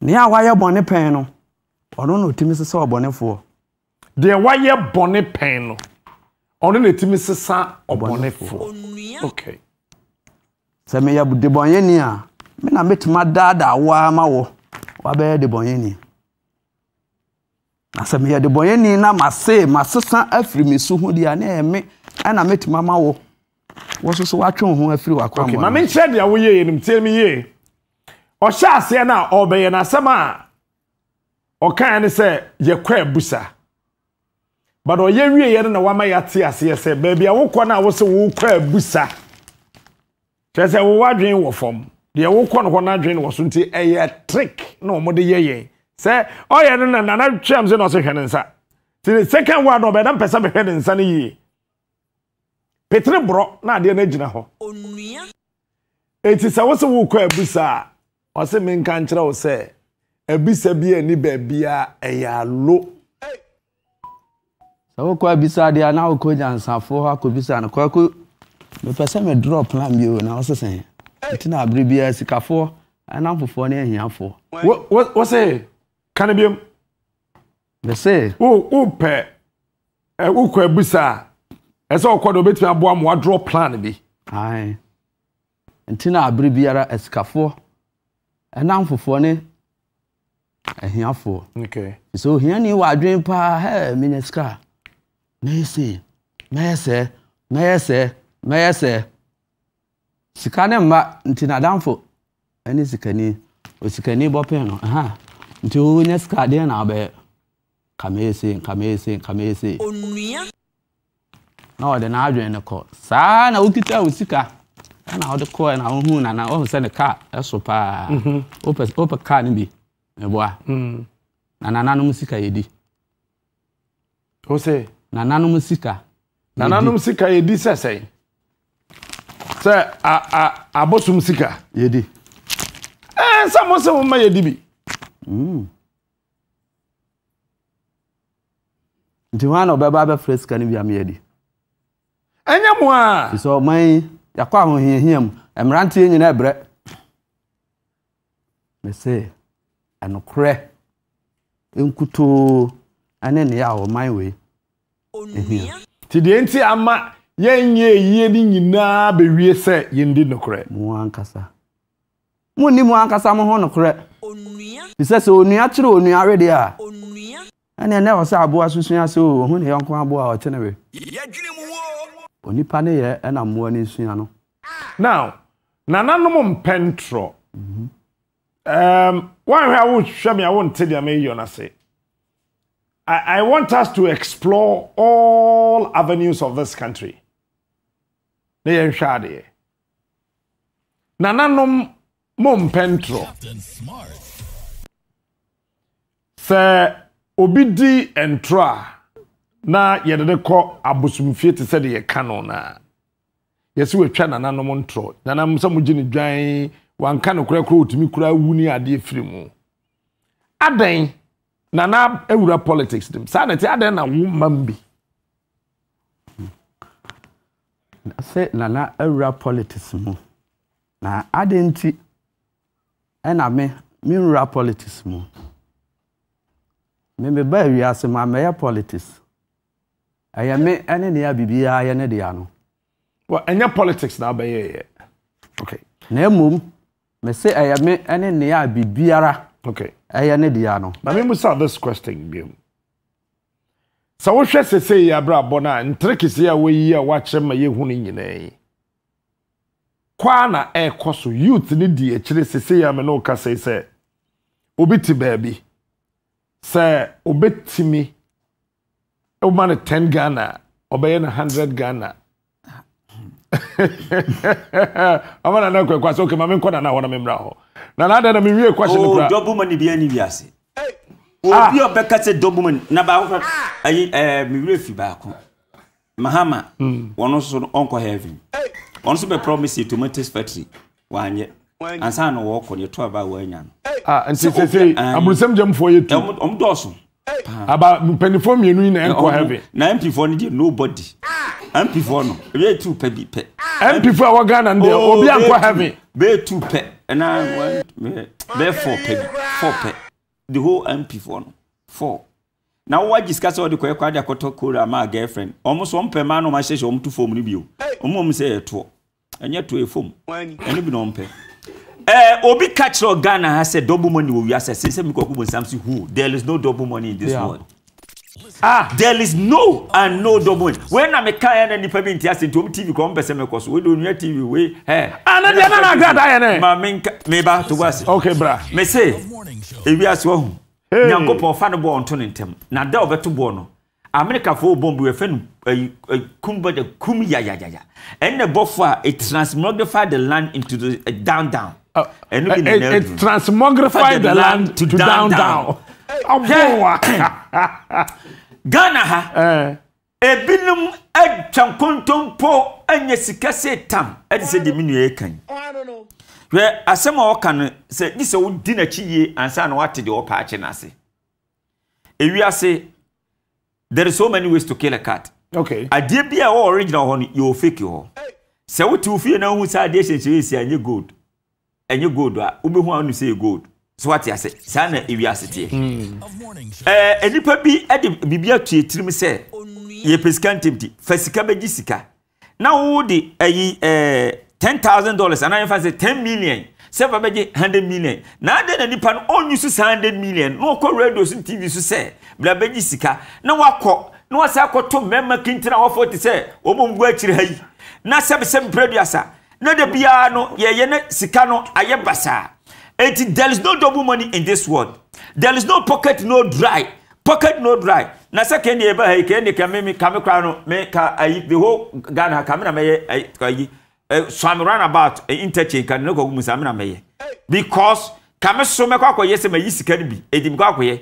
nea wayɛ bɔne pɛn no ɔno na otumi sisa ɔbɔnefoɔ deɛ wayɛ bɔne pɛn no ɔno na etumi sisa ɔbɔnefoɔ okay sɛ meyɛ debɔnyɛni a me na metuma daadaa wo ara ma wo wabɛyɛ debɔnyɛni. asɛ meyɛde bɔyɛni na masee masesa afiri ho deɛ a na ɛna wo wɔ so so ho afiri ma menkyerɛ deɛ woyɛɛ nim tie me yie ɔhyɛ aseɛ no a ɔbɛyɛ n'asɛm a ne sɛ but ɔyɛ no na wama yɛate aseɛ sɛ baabi a wokɔ no a wo sɛ wokɔ abusa kyerɛ sɛ wowɔ adwene wɔ fam deɛ wokɔ no hɔ no adwene wɔ so nti ɛyɛ na sɛ ọ no na na ɔsɛ hwɛ no na adeɛ no agyina hɔ eti sɛ wosɛ wokɔ abisa a ɔsɛ menka nkyerɛ wo sɛ abisa bi a ni baabia ɛyɛ alo sɛ wokɔ abisa deɛ a na wokɔ nyansafoɔ hɔ akɔbisa no kɔkɔ mepɛ sɛ medrɔ plan bio na wosɛ sɛ na kane biom wopɛ wokɔ abusa a ɛsɛ wokɔ de wobɛtumi aboa ma wadrɔ plan bi nti Ntina abri biara asikafoɔ ɛnamfofoɔ ne ahiafoɔ sɛ ohiani wɔ adwene paa menya sika mɛyɛ sei mɛyɛ sɛ mɛyɛ sɛ mɛyɛ sɛ sika ne mma nti nadamfo ɛne sikani osikani bɔpɛn no nti wo next car deɛ na abɛyɛ kamese kamese kamese onua na ɔde n'adwene ne kɔ saa na wokita wo sika ɛna ɔde kɔ ɛna wohu nana ɔhu sɛ ne car ɛso paa mhm. wopɛ wopɛ car no bi meboa mhm. na nananom sika yɛdi o se nananom sika nananom sika yɛdi sɛ sɛn sɛ a a abosom sika yɛdi ɛɛ sɛ mo sɛ mo ma bi nti hwan na ɔbɛba abɛfrɛ sika no bi ama yɛdi ɛnyɛ mu a sɛ ɔman yi yɛakɔ ahohiahia mu mmeranteɛ nyina ɛbrɛ me sɛ ɛnokorɛ nkutoo ne ne a ɔman wei ɛhia nti deɛ nti ama yɛnyɛ yie no nyinaa bɛwie sɛ yɛndi nokorɛ mo ankasa mu ni mu ankasa mo ho nokorɛ bisɛ sɛ onua kyerɛ onua wedeɛ a ɛne ɛnɛ wɔ sɛ aboa susua sɛ oh, ɔhu ne yɔnko aboa a ɔkyene we onipa ne yɛ ɛna mmoa ne nsua no now nananom mpɛntorɔ um, mhm. woanhwɛ a wohwɛ me a wonte deɛ meyɛ no ase I, I want us to explore all avenues of this country. Na yɛnhwɛ Nananom mo mpɛntorɔ sɛ obi di ntorɔ a na yɛde ne kɔ abosomfie te sɛ de yɛka no na yɛsɛ wɔatwa nananom ntorɔ nanam sɛ mogye ne dwan wanka no korakora ɔtumi kora wu ne adeɛ firi mu adɛn nana awura politics dim saa na ɛte adɛn na wo mam bi sɛ nana awura politics mu na adɛn nti ɛna me me nwura politics mu me me ba awiase ma mɛyɛ politics ɛyɛ me ɛne nea biribiara yɛ ne dea no well ɛnyɛ politics na abɛyɛ yɛ okay na mmom me se ɛyɛ me ɛne nea biribiara okay ɛyɛ ne dea no na me musa this question bi mu sɛ wohwɛ sesei abrabɔ no a ntere keseɛ a wɔayi a wɔakyerɛ ma yɛhu no nyinaa yi kwaa na ɛrekɔ so youth no di akyire sese yi a mene wokasa yi sɛ obi te baabi sɛ obɛtumi woma no 10 ghana ɔbɛyɛ no 100 ghana ɔma nana akwakwa ekwasị oke ma menkɔ nana hɔ na memmra hɔ na naada na mewie kwahye no oh, kora o ma ne bia ne ase obi ah! ɔbɛka sɛ dɔbo ma na baako ah! ayi eh, mewerɛ fi baako mahama hmm. wɔno so ɔnkɔ heaven ɔno nso bɛpromise tomatoes factory wanyɛ ansa na wɔkɔ ne ɛtɔ aba a wɔanya no ah, nti sesei aborosɛm gyamfoɔ yɛ tu ɔm eh, dɔɔso aba mpanimfoɔ mmienu yi na eh, ɛnkɔ heaven na mp4 no deɛ nobody ah. mp4 no ɛbɛyɛ tu pɛ bi pɛ ah. mp4 a wɔ ghana no deɛ oh, obi ankɔ heaven bɛyɛ tu pɛ ɛna bɛyɛ fɔ pɛ bi fɔ pɛ the whole mp4 no fɔ na wowagye sika sɛ wode kɔyɛ kwade akɔtɔ kora ma girlfriend ɔmo so ɔmpɛ ma no ɔmahyɛhyɛ ɔmto fom no bio ɔmo ɔm sɛ yɛtoɔ ɛnyɛ toɔ ɛfom ɛno bi na ɔmpɛ Uh, obi ka kyerɛ ghana ha sɛ double money wɔ wiase sɛ sɛ mekɔko bonsam se who there is no double money in this yeah. world ah there is no and no double money wei na meka ɛ na nnipa bi nte ase nti ɔm tv kɔ mpɛ sɛ mekɔ so wede onua tv wei ɛ ana ah, deɛ na na agrada yɛ ne ma menka meba to bo ase okay bra me se ewiase wahu nyankopɔn fa no bɔɔl nto ne ntɛm na da ɔbɛto bɔɔl no amerikafoɔ wɔ bɔmbu wɔfɛ no eh, eh, kum bɛda eh, kum yayayaya ɛnna bɔfo a it transmogrify the land into the uh, down down. Uh, ɛnu bi na ɛna it transmogrify the land to down down. ɔbɔwa ghana ha ebinom atwa nkontompo anya sika se tam ɛde sɛ deɛ yɛ kan hwɛ asɛm a ɔka no sɛ gye sɛ wodi n'akyi yie ansa na wate deɛ ɔpa akye n'ase ewiase there is so many ways to kill a cat okay adeɛ bi a ɔwɔ original hɔ no yɛ ofeki hɔ sɛ wote wo fie na wohu saa adeɛ hyɛnhyɛn esi a ɛnyɛ gold ɛnyɛ gold a wobɛhu a ɔno sɛ yɛ gold so wate ase saa na ewiase teɛ hmm. ɛɛ nipa bi ɛde biribi ato etirim sɛ yɛ pɛ sika ntɛm ti fɛ sika bɛgye sika na wo de ɛyi ɛɛ ten thousand dollars anaa yɛmfa sɛ ten million sɛ fa bɛgye hundred million na adeɛ na nipa no ɔnyu oh, so saa hundred million na ɔkɔ radio so tv so sɛ bla bɛgye sika na wakɔ na wasa akɔto mmarima kintena wɔfɔ te sɛ wɔn mu akyire ha yi na sɛbisɛbi pɛrɛduasa na de biara no yɛyɛ ne sika no ayɛ basaa eti there is no double money in this world there is no pocket no dry pocket no dry na sɛ kɛn yɛ ba ha yi kɛn deɛ kɛn mi kame kora no mi ka ayi the whole ghana kame na mɛ yɛ ayi uh, eh, swami runabout uh, eh, interchange kan ne kɔ gu musa amina mɛyɛ because kame so mɛkɔ akɔyɛ sɛ mayi sika no bi edi mɛkɔ akɔyɛ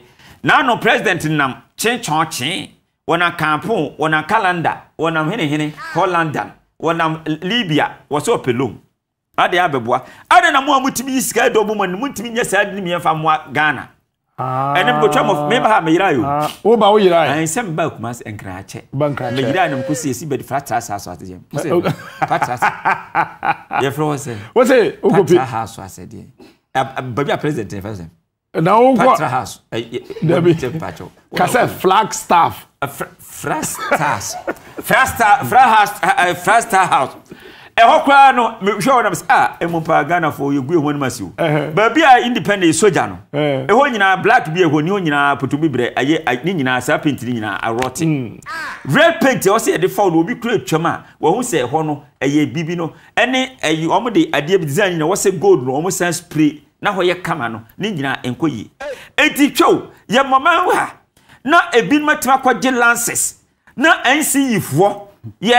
no president nam Chen wɔnam kampo wona calendar wɔnam henehene hollandan wɔnam libya wɔsɛ ɔpelom ade abɛboa ade na mo a mutumi yi sika dɔ mo mu no mutumi nyɛ saa de ne ghana Ah. ɛnam kɔtwa mɔ meba ha meyera yo ah. woba wo yera ɛn sɛ meba akuma sɛ nkra kyɛ meyera nam kɔsi ɛsi bɛde fa tra saa so asedeɛ fa tra yɛfrɛ hɔ sɛ wo sɛ wokɔpi fa ha so asedeɛ baabi a president ɛfɛ sɛ na wo nkɔ tra ha so dabi kasɛ flag staff fra stars fra star house ɛhɔ koraa no mehwɛ wɔ nam sɛ ah, ɛmu paa ghanafoɔ yɛgu ɛhɔ nom baabi a soja no ɛhɔ nyinaa black bi ɛhɔ nyinaa poto bi ayɛ ne nyinaa saa paint nyinaa arɔte mm. red paint sɛ yɛde fa obi kura atwam a wɔho sɛ ɛhɔ no ɛyɛ bibi no ɛne ɛyi wɔn de adeɛ design na wɔsɛ gold no wɔn san spray na hɔ yɛ kama no ne nyinaa nkɔ yie eti twɛw yɛ mɔman na ebinom atuma kɔgye lances na nc yifoɔ e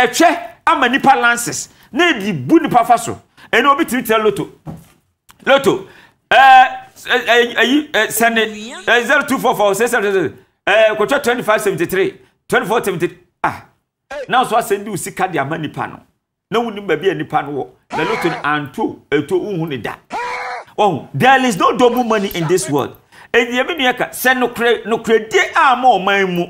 ama na edi bu nipa fa so ɛna obi tiri tira loto loto ɛɛ ɛɛ ɛyi ɛ sɛni ɛ zero two four four six seven seven ɛɛ eh, kɔtɔ twenty five seventy three twenty four seventy ah naa so asɛn di o sika di ama nipa no na wo nim baabi a nipa no wɔ na loto no anto eto nhu ne da ɔhu there is no double money in this world ɛdi ɛmi nua ka sɛ nokure nokure die a ama ɔman mu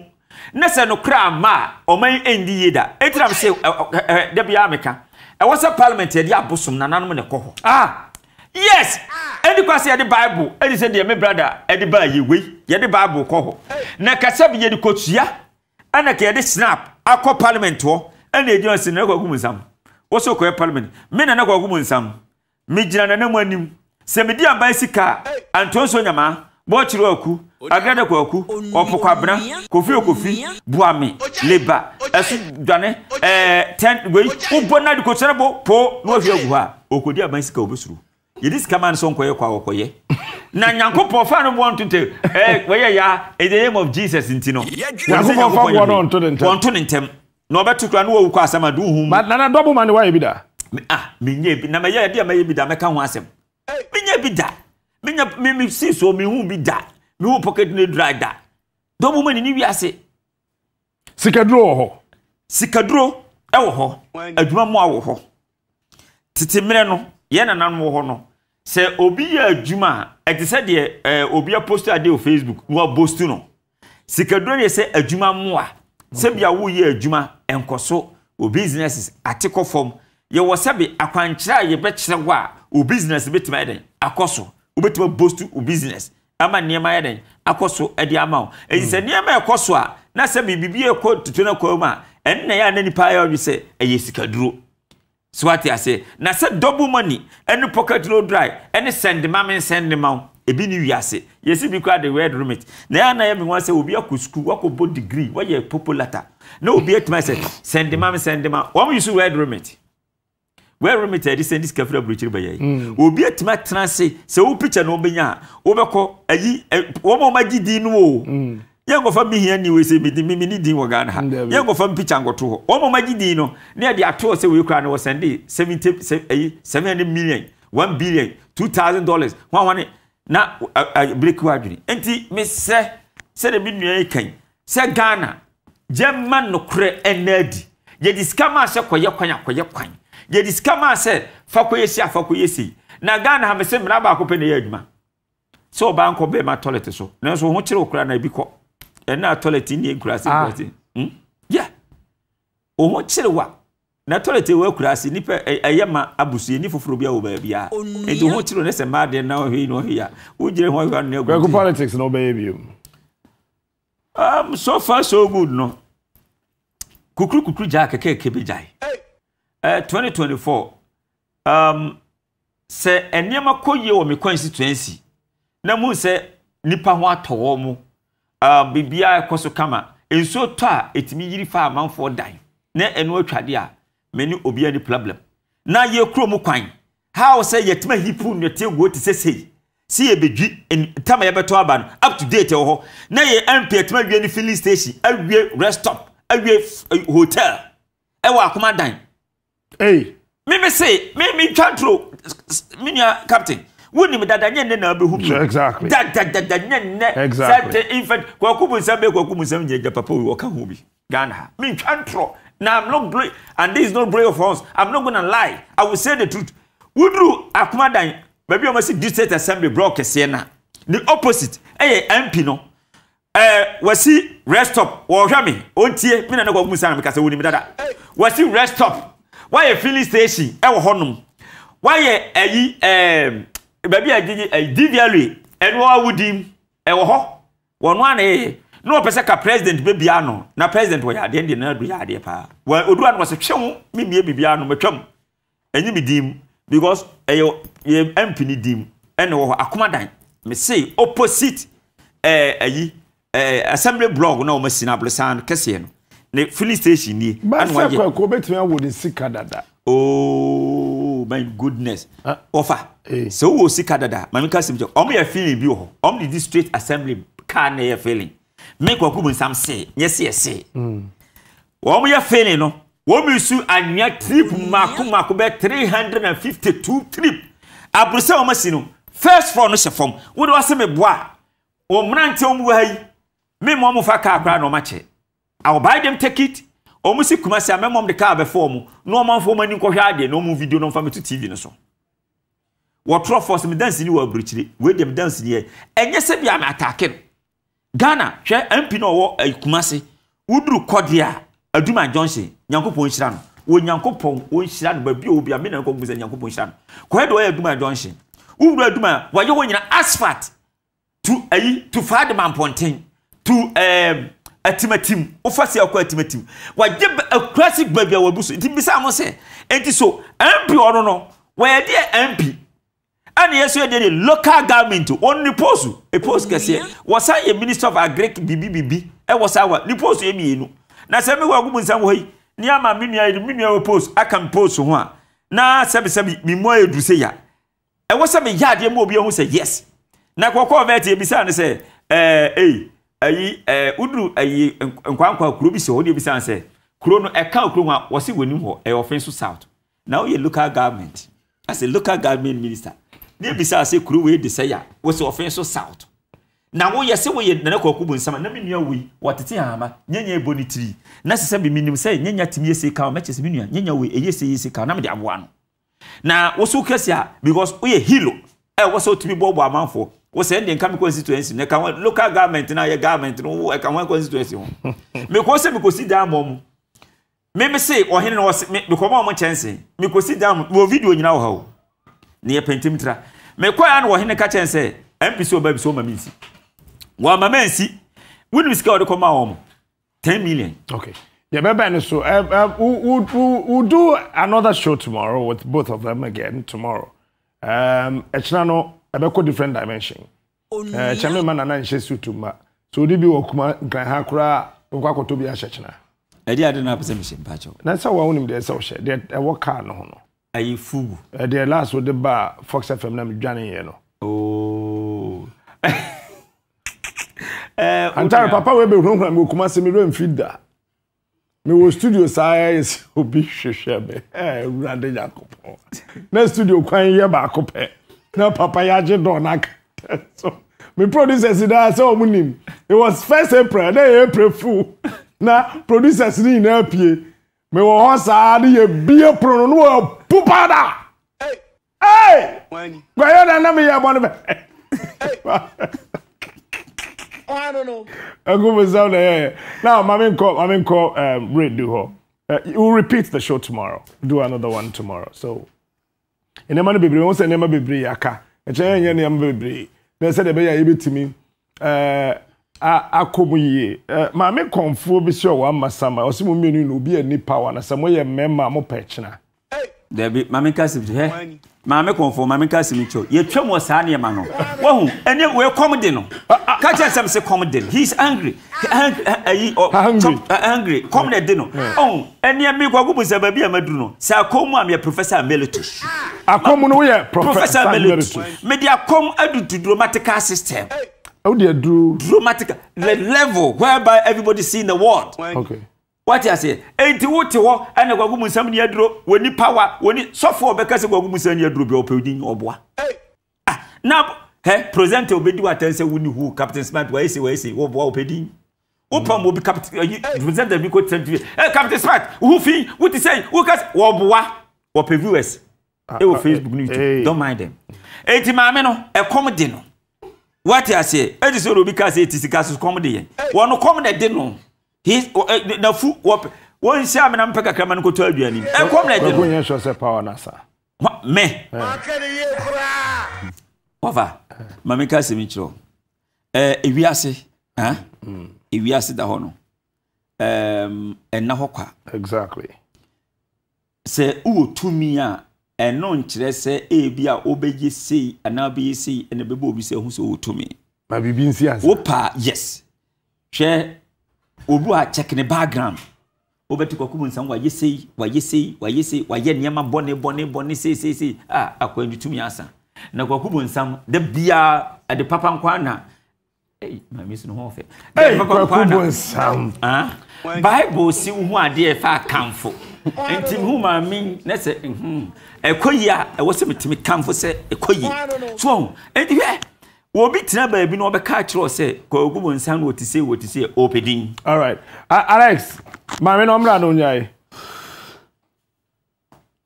ne sɛ nokure ama a ɔman ɛndi yie da etira mi sɛ eh, ɛ eh, ɛ ɛ dɛbi a mi ka ɛwɔ sɛ parliament yɛde abosom nananom ne kɔ hɔ ah yes ɛni kwasi yɛde bible ɛni sɛ deɛ me brada ɛde baa yɛ wei yɛde bible kɔ hɔ na kasa bi yɛde kotua ɛna ka yɛde snap akɔ parliament hɔ ɛna edi ɔsi na ɛkɔ gu mu nsam wɔsɔ kɔ yɛ parliament me na na kɔ gu mu nsam me gyina na na mu anim sɛ me di aba sika antonso nyamaa bɔɔkyerɛ aku agrada kwaku ɔpokwabena kofi okofi buame leba ɛso dwane ɛɛ eh, tɛn wei wobɔ na de kɔkyerɛ bo po na wafi agu hɔ a ɔkɔdi aban sika wobɛsuro yɛde sika ma nsɛ nkɔyɛ kɔ a wɔkɔyɛ na nyankopɔn fa no boɔ nto ntɛm ɛɛ eh, wɔyɛ ya in the name of jesus nti no nyankopɔn fa boɔ no ɔnto ne ntɛm ɔnto na ɔbɛto kora ne wɔwu kɔ asɛm a de wohu mu nana ah menyɛ bi na mɛyɛ ɛdeɛ mɛyɛ bi da mɛka ho asɛm menyɛ bi menya me me si so me hu bi da me hu pocket ne dry da do mo mani ni ase sikaduro wɔ hɔ sikaduro ɛwɔ e hɔ adwuma mu awɔ hɔ tete mmerɛ no yɛn nananom wɔ hɔ no sɛ obi yɛ adwuma a ɛte sɛ deɛ ɛɛ eh, obi aposto ade wɔ facebook na wabosto no sikaduro yɛ sɛ adwuma se sɛbi awo yɛ adwuma nkɔso o businesses atiko form fam yɛwɔ sɛbi akwankyerɛ a yɛbɛkyerɛ hɔ a o business bɛtumi ayɛ dɛ wobɛtumi boost wo business ama nneɛma yɛ den akɔ so de ama wo ɛti sɛ hmm. nneɛma ɛkɔ so a na sɛ biribi ɛkɔ tutu no kɔn mu a ɛno na yɛ a na nipa yɛ ɔdwi sɛ ɛyɛ sikaduro so wate ase na sɛ double money ɛne pocket road dry ɛne send ma me send ma ebi ni wiase yɛsi bi kora de red roommate na yɛ anayɛ mi wa sɛ obi akɔ sukuu wakɔ bɔ degree wɔyɛ popo lata na obi atuma sɛ send ma me send ma wɔn yi so red roommate wɛrɛ mi tɛ ɛdi sɛ ɛdi sika fira burukyiri bɛyɛ yi obi atuma tena se sɛ wo pikya na ɔbɛnya wobɛkɔ ayi wɔn a wɔagye hmm, din no o yɛ nkɔfa mi hiɛ ni wo sɛ midi mi ni din wɔ ghana ha yɛ nkɔfa mi pikya nkɔto hɔ wɔn a wɔagye din no ne yɛ de ato sɛ wei kura na wɔsɛn de seventy ayi seven hundred million one billion two thousand dollars wɔn a wɔn na break wa adwene nti mi sɛ sɛdeɛ mi nua yi kan sɛ ghana gyɛn ma nokorɛ ɛnna adi yɛde sika maa hyɛ kɔyɛ kwan akɔyɛ kwan yɛ discover sɛ fa kɔ yɛ si afa kɔ yɛ si na ghana ha mɛsɛ mmira baako pɛ na ɛyɛ adwuma sɛ ɔbaa nkɔ bɛɛ ma toilet so nanso ho kyerɛ okura na ebi kɔ ɛna toilet ni ekura se kura se ah. hmm yɛ ɔho kyerɛ wa na toilet wɔ ekura e, e se nipa ɛyɛ ma abusue ni foforɔ bi a wɔ baabi a nti ho kyerɛ ne sɛ mmaa deɛ na ɔhwɛ yi na ɔhwɛ yi a wogyere ho ahwɛ ano egu ti. politics na ɔbɛyɛ bi um, so far so good no kukuru kukuru gyaa kɛkɛ kɛkɛ bi gyaa. 2024 um, sɛ nneɛma kɔ yie wɔ me constituency na mu sɛ nipa ho atɔ wɔn mu uh, biribiara kɔ so kama nsuo tɔ a etumi yiri fa amanfoɔ dan na ɛno atwadeɛ a mɛni obiara ni problem na yɛ mu kwan ha sɛ yɛtuma hipu nnɛte guo te sɛ sei si yɛ bedwi tam a yɛbɛtɔ aba no up to date wɔ hɔ na yɛ mp ɛtuma awie ni filling station awie rest stop awie hotel ɛwɔ akoma dan Hey. Mimi say, me mimi chantro, minya captain. Wouldn't that I never know who exactly that that that that exactly infant Kwakubu Sabe Kwakubu Sabe Papa Wakahubi Ghana. Me chantro. Now I'm not brave, and this is not brave of us. I'm not going to lie. I will say the truth. Wudru Akumadan, baby, I must district assembly block Siena. The opposite, eh, MP no. Eh, wasi rest up. hear Wahwami, ontie, Me na na Kwakubu Sabe Kasa Wuni Dada. Wasi rest up wayɛ filling station ɛwɔ hɔnom wayɛ ɛyi ɛɛm baabi a gyegye ɛyi dvla ɛnoa awudi mu ɛwɔ hɔ wɔn ano yɛ na wɔpɛ sɛ ka president bebia ano na president wɔyɛ adeɛ deɛ na adu yɛ adeɛ paa wɔ odu No wɔsɛ twɛn eh, eh, ho mi mie bibia ano mɛtwam ɛnyi mi dim because ɛyɛ yɛ mp ni dim ɛna wɔ hɔ akomadan mɛ se opposite ɛɛ ɛyi ɛɛ assembly block na wɔn asi na abolosan kɛseɛ no ne filling station nie. báyìí sẹ kọ kó bẹtùmí àwọn ní sika dada. ooo oh, my goodness ọfà sẹ o wo sika dada maami ká sèmi jẹ ọmọ yẹ filling bi wọ họ ọmọ de di straight assembly car na yẹ filling mi kọ kúbu nsàm sè yẹ sè yẹ sè ọmọ yẹ filling no wọ́n mi su anya trip mako mako bẹ three hundred and fifty two trip aburusa wọn si no first floor no hyɛ fam wọn de wá sẹ mi bọ a wọn mìíràn tí wọn wá yi mímu wọn fa kaa kora na wọn akyɛ. I will buy them take it. Omo si kuma si amemom de car before mu. No man for mani nkɔhwɛ ade no mu video no mfa me to TV no so. Wɔtrɔ force me dance ni wɔ aburukyire. We dem dance ni yɛ. Ɛnyɛ sɛ bia me attack Ghana hwɛ MP na ɔwɔ Kumase. Wuduru kɔde a Aduma Johnson Nyankopɔn hyira no. Wo Nyankopɔn wo hyira no ba bi obi a me na nkɔ gbese Nyankopɔn hyira no. Kɔɛ de ɔyɛ Aduma Johnson. Wuduru Aduma wɔyɛ wɔn nyina asphalt to ayi to Fadima Mpɔnten to um, atimatim wofa se akɔ atimatim wagye akura si baabi a wabu so nti bisa mo sɛ nti so mp ɔno no wɔyɛ deɛ mp ɛna yɛ so yɛ deɛ local government wɔn ne post e post kɛseɛ wɔsan yɛ minister of agric bibi bibi ɛwɔ e saa wa ne post yɛ mmienu na sɛ mi wɔ agumu nsa wɔ yi ne ama mi nua yɛ mi nua wɔ post aka mi post ho a na sɛbisɛbi mi mu ayɛ duru ya ɛwɔ e sɛ mi yɛ adeɛ mu obi ɛho sɛ yes na kɔkɔɔ vɛɛti ebisa ne sɛ ɛɛ eyi ayi ɛɛ eh, uduru ayi nkwankwa kuro bi si hɔ o de bi san sɛ kuro no ɛka kuro ho a wɔsi wɔ nim hɔ ɛyɛ ɔfɛn so south na oyɛ local government as a local government minister ne bi san sɛ kuro wei de sɛ ya wɔsi ɔfɛn so south na woyɛ sɛ woyɛ nana kɔkɔ bu nsɛm na me nua wei wɔtete hama nyanya ɛbɔ ne tiri na sɛ sɛ bi menim sɛ nyanya tumi yɛ sika mɛkyɛ sɛ me nua nyanya wei ɛyɛ sɛ yɛ sika na mede aboa no na wo so kɛsi a because woyɛ hilo ɛwɔ sɛ wotumi bɔɔbɔ amanfoɔ wo sɛ ndeɛ nka me constituency na ɛka local government na yɛ government no wo ɛka e wɔn constituency ho mekɔ sɛ mekosi dan mɔ mu meme se ɔhene na ɔse mekɔma ɔmo kyɛnse mekosi dan mu mewɔ video nyina wɔ ha o ne yɛ pɛntim tra mekɔ ya na ɔhene ka kyɛn sɛ mp so ɔba bi so ɔma me nsi wɔama me nsi wonim sika ɔde kɔma wɔn ten million. okay yɛbɛbɛn no so uh, uh, we'll, we'll, we'll do another show tomorrow with both of them again tomorrow um, ɛkyina no ɛbɛkɔ different dimension ɛɛ kyɛnɛ ma nana nhyɛ suit ma so odi bi wɔ kuma nkran ha koraa nkɔ akɔtɔ bi ahyɛ kyena. ɛdi adi na apɛsɛ mihyɛ mpakyɛw. na sɛ wɔn awonim deɛ sɛ ɔhyɛ deɛ ɛwɔ kaa no ho no. ayi fugu. ɛdeɛ eh, last wode ba fox fm na mi dwane yɛ no. ooo. ɛɛ antare papa wei bɛ hunhun mi okuma se mi ro nfi da mi wɔ studio saa yɛ sɛ obi hwehwɛ mi ɛɛ ewura eh, de nyakopɔ na studio kwan yɛ baako pɛ na papa ya agye dɔn n'aka so me producers naa sɛ wɔn nim it was first april na yɛ april fool na producers ni nyinaa pie me wɔ hɔ saa ne yɛ bie pono no wɔ pupa da ee gbɛyɛ na nam yɛ bɔ ne bɛ. Agumusaw na yɛ now maame nkɔ maame nkɔ eh, radio hɔ you eh, repeat the show tomorrow do another one tomorrow so nneɛma no bebree wɔn sɛ nneɛma bebree aka ɛkyɛn yɛn nyɛ nneɛma bebree na ɛsɛ deɛ ɛbɛyɛ a yɛbɛtumi ɛɛ eh, akɔ mu yie ɛɛ eh, maame kɔnfoɔ bi si ɔwɔ ama sama ɔsi mu mmienu na obi yɛ nipa wa na sɛ mo yɛ mmarima mo pɛ kyena dabi maame nka asɛm kyɛ hɛ maame kɔnfɔ maame nka asɛm kyɛ yɛtwam wɔ saa nneɛma no wahu ɛnɛ wɔyɛ kɔm de no ka kyerɛ sɛm sɛ kɔm de no he is angry ayi ɔ angry kɔm na de no ɔhu ɛnɛ mi kɔ kó sɛ baabi a ma duru no sɛ akɔm mu a mi yɛ professor emeritus akɔm no yɛ professor emeritus mi de akɔm adutu dramatical system. Oh dear, do? Dramatical, the level whereby everybody see the world. Okay wate aseɛ enti wote hɔ ɛna gwagu mu nsɛm ne aduro wɔni power wɔni sɔfo ɔbɛka sɛ gwagu mu nsɛm ne aduro bi ɔpɛ din ɔboa ah, na hɛ presenter obɛdi w'atɛn sɛ woni hu captain smart wɔayɛ se wɔayɛ se wɔboa ɔpɛ din wopam mm. obi captain ɛyi eh, presenter bi kɔ tɛn tv ɛ eh, captain smart wo fi wote sɛn woka wɔboa wɔpɛ viewers ɛwɔ ah, eh, ah, facebook ne youtube don't mind them enti maame no ɛkɔm de no wate aseɛ ɛti sɛ obi ka sɛ ɛti sika so kɔm de yɛn wɔn kɔm de de no nafu eh, wɔpɛ wɔn nsi amena mpɛ kakrama no kɔtɔ aduane eh, ɛ kɔm na ɛdi no wɔnyɛ sɔ sɛ pawa na sa mɛ wɔfa maame ka asɛm kyerɛ ɛɛ eh, ewiase ɛn mm. ewiase da hɔ no ɛɛm ehm, ɛnna hɔ kwa exactly Se wowɔ tumi a ɛno nkyerɛ sɛ ebi a wobɛgye sei anaa wobɛgye sei ɛna bɛbɛ obi sɛ ɛho sɛ wowɔ tumi na biribi nsi ase wopa yes hwɛ obi a check ne background Obetu kwaku mu nsam wayɛ sei wayɛ sei wayɛ sei wayɛ nneɛma bɔne bɔne bɔne sei sei sei a akwandu tumi asa na kwaku mu nsam da biara ɛde papa nkwa na maame si ne ho ɔfɛ ɛde papa nkwa na si wo ho adeɛ ɛfa akamfo nti mu maame na sɛ mhm, ɛkɔ yi a ɛwɔ sɛ metumi kamfo sɛ ɛkɔ yi so ɔn obi tena baabi na ɔbɛka akyerɛ sɛ kɔɔgu bɔ nsa na wɔte sɛ wɔte sɛ ɔpɛ din. alright uh, alex maame na ɔmra na onya yi.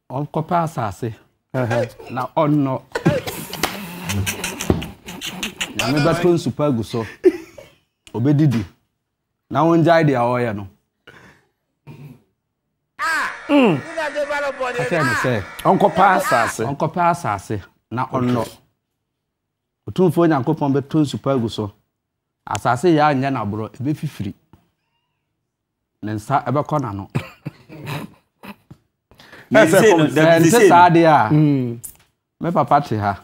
ɔnkɔpɛ asase na ɔnnɔ nyame bɛtɔ nsupa agu so ɔbɛdidi na wɔngyae deɛ ɔreyɛ no ɛsɛ mm. ne sɛ ɔnkɔpɛ asase ɔnkɔpɛ asase na ɔnnɔ. Okay ɔtumfoɔ nyankopɔn bɛtɔ nsupa agu so asase yɛ anyɛ naborɔ ɛbɛfifiri ne nsa ɛbɛkɔ n'ano ɛnte eh, saa deɛ a mm. me papa te ha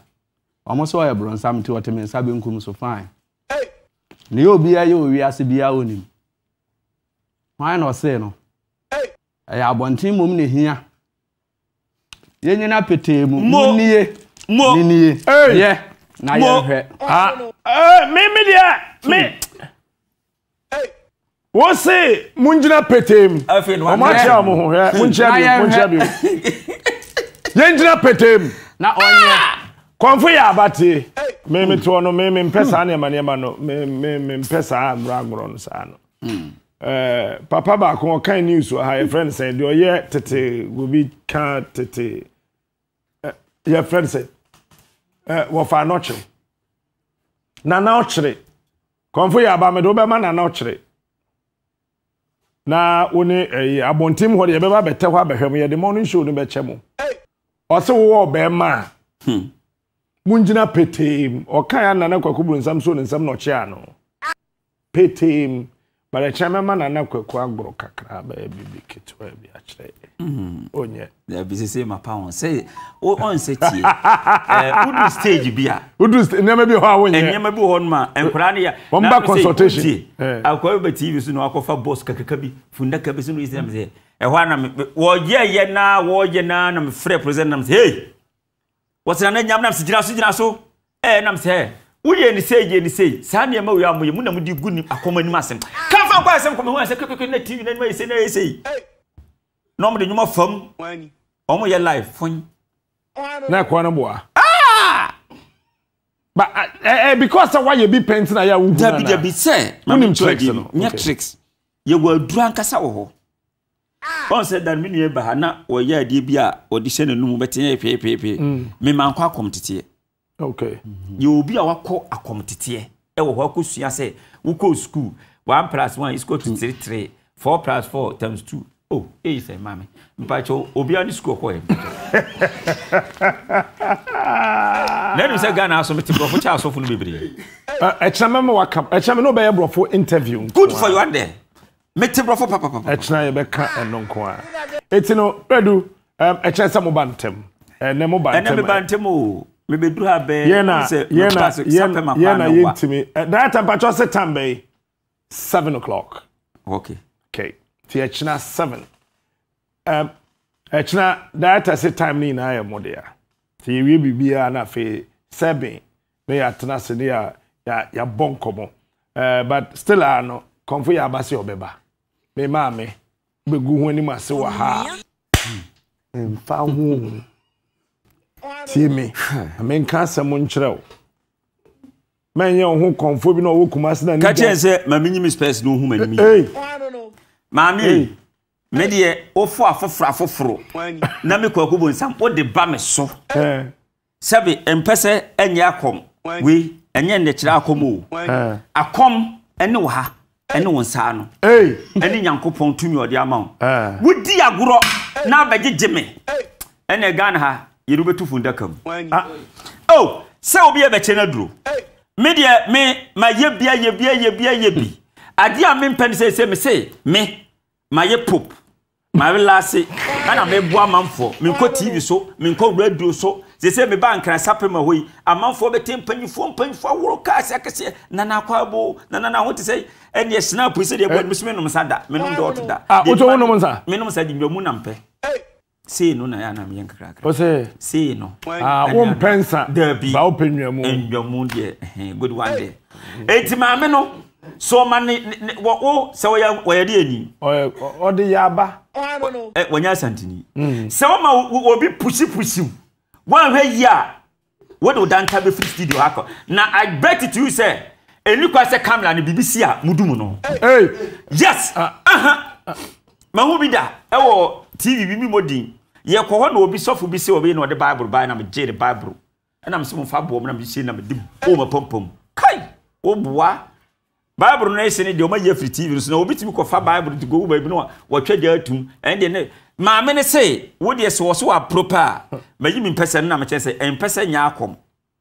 ɔmo sɛ ɔyɛ borɔnsam nti ɔte me nsa benkum so fine ne yɛ obiara yɛ owiase biara onim hwan na ɔsee no ɛyɛ abɔnten mmom ne hia yɛnyina petee mu mu nie mu nie yɛ na yɛn hwɛ ah mi eh, mi deɛ mi wọ́n sè mu n gyina pété mu ọmọ àti àwọn ọmọ hẹ mu bi mu n bi yẹn gyina pété mu na ọ̀nyẹ kọ̀nfó yẹ abate mímí tó no mímí mpẹ hmm. saa nìyẹn nìyẹn no mímí mpẹ saa agorɔ agorɔ no saa no hmm. eh, papa baako ɔkan news wɔ ha yɛ friend sɛ deɛ ɔyɛ tete obi ka tete eh, yɛ friend sɛ. Eh, wɔfa anɔkyere nana ɔkyere kɔnfo yɛ m'ede wobɛma nana ɔkyere na wo ne ɛyi eh, abɔnten hɔ deɛ yɛbɛba bɛtɛ hɔ abɛhwɛ mu yɛde ma ɔno nsuo no bɛkyɛ mu ɔse wowɔ ɔbɛɛma a hmm. mungyina petee mu ɔkae a nana kwakuburu nsɛm so ne nsɛm na ɔkyea no petee mu but ɛkyerɛ mɛma nana kwaku agorɔ kakra bɛyɛ biribi ketewa bi akyerɛ mm-hmm. ɔnyɛ bisi sɛ mapa ho sɛ ɔnsɛ tie wodu eh, stage bi a wodu eh, nneɛma bi hɔ a wonyɛ nneɛma bi hɔ no eh, nkora no yɛ consultation akwa bi tv so na wakɔfa bɔs kakaka bi fundaka bi so no yɛsɛ sɛ ɛhɔ a nam na wɔyɛ na na mefrɛ president nam sɛ hei wɔtena na nyam nam sɛ gyina so gyina so ɛɛ nam sɛ woyɛ ne sɛ yɛ ne sɛ saa nneɛma wei a moyɛ mu na mode gu ne akɔm anim asɛm ka fa nkɔ asɛm kɔmɛhu a sɛ kɛkɛkɛ na tv nanim ayɛ sɛ na ɛyɛ sɛi na ɔmode nnwuma fam ɔmo yɛ live fon na ɛkɔ no boa but uh, eh, because sɛ woayɛ bi pɛnti na yɛ wohu dabi dabi sɛ wonim tricks no nyɛ tricks yɛwɔ aduru ankasa wɔ hɔ wọn ah. sɛ dan mi nua ba na wɔyɛ adeɛ bi a wɔde hyɛ n'anum bɛtɛ yɛ pɛɛpɛɛpɛɛ mɛ mm. maa nkɔ akɔm teteɛ okay You mhm. be yɛ obi a wakɔ akɔmteteɛ ɛwɔ hɔ akɔsua sɛ wokɔ school. one plus one is equal to three three four plus four times two oh eyi sɛ maame mpakyɛw be on the school. yɛ nanu say ghana asɔmi ti burɔfo kyɛ asɔfo no bebree. ɛkyɛn mɛ ma waka ɛkyɛn mɛ n'o bɛ yɛ burɔfo interview. good for you ande mɛ ti burɔfo papapapa. ɛkyɛn yɛ bɛ ka ɛno nko a eti no redu ɛkyɛn sɛ mo ba ntɛm ɛnɛ mo ba ntɛm ɛnɛ mi ba ntɛm o. Yena, yena, yena, yena. yɛna yɛntimi data mpatwɔ sɛ tam bɛyi seven o'clock okay okay nti ɛkyena seven um, ɛkyena data sɛ time no nyinaa yɛ mmɔdea nti yɛwie be na afei seven na yɛatena se ya ya nkɔmmɔ uh, but still a no kɔmfo yɛ aba May ɔbɛba me maame bɛgu ho anim ase wɔ ha mfa ho tie me menka asɛm nkyerɛ wo mɛnyɛ wo ho kɔmfo bi na ɔwɔ kuma se na ka kyerɛ sɛ mamenyim space na ɔhu m'anim maame me deɛ wofo afoforo afoforo na me kwaku bɔ nsam wode ba me so sɛbe mpɛ sɛ ɛnyɛ akɔm wei ɛnyɛ nnɛkyerɛ akɔm o akɔm ɛne wɔ ha ɛne wo nsaa no ɛne nyankopɔn tumi ɔde ama wo wodi agorɔ na abɛgyegye me ɛne ghana ha yɛde wobɛtu fundaka mu ah. o oh, sɛ obi yɛbɛkyɛ no aduro me deɛ me mayɛ bia yɛ bia yɛ bia yɛ bi adeɛ a mempɛ no sɛ sɛ me se me ma mayɛ pop mayɛ laase ɛna meboa amanfoɔ menkɔ tv so menkɔ radio so sese me ba nkransape ma hɔ yi amanfoɔ bɛte mpanyinfoɔ mpanyinfoɔ ahorow kaase akɛseɛ nana akɔ abo nana na ahote sɛ ɛneɛ snap sɛ deɛ bɔ ɛnum so menom sa da menom dɔɔto da. a wotɔ wo nsa. menom sa di mu nam sei no na yɛ anam yɛ nkrakra ɔsɛ sei ah, no wompɛ nsa daabi ba wopɛ nnwamu nnwamu deɛ good one deɛ ɛnti maame no so ma ne wo sɛ wɔyɛ wɔyɛ de ani ɔde yɛ aba wɔnyɛ asantini mm. sɛ wɔma obi pusipusiw wɔnhwɛ yi a wode wo danta bɛfiri studio akɔ na i bet it you say eni kwa se camera no biribi si a mudu mu no yes ah. Ah. mahu bi da ɛwɔ tv bi mi mo din yɛkɔ hɔ na obi sɔfo bi sɛ obi na ɔde bible baa na megye de bible ɛna mesɛ momfa boɔ m na mehye na mede pom, apampam kai woboa bible no ɛsɛ ne deɛ ɔmayi afiri tv no so na obɛtumi kɔfa bible de gogu baabi no a wɔtwa de atum ɛne deɛ ne maame ne se wodeɛ sɛ wɔ so wɔaporo pa a mayi mempɛ sɛ no na mekyerɛ sɛ ɛmpɛ sɛ nyɛ akɔm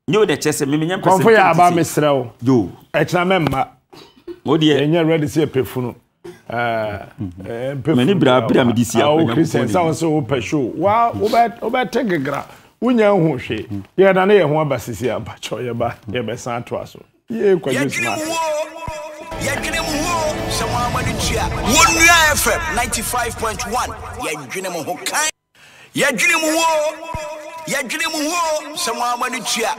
nyɛ wo dɛ kyerɛ sɛ memenyɛ mpɛ sɛ kɔmfo yɛ aba meserɛ wo yo ɛkyena mɛmma wodeɛ ɛnyɛ ready sɛ ɛpɛfu no Eh, eh, mani bra bra mede siawokristɛnsɛwo sɛ wopɛ show wa wobɛte gegra wonya ho hwee yɛda ne yɛ ho aba sisi abakyɛ yɛba yɛbɛsan atoa so yɛ kwadwo 95.1 yɛdwene mu ho sɛ mo ama tua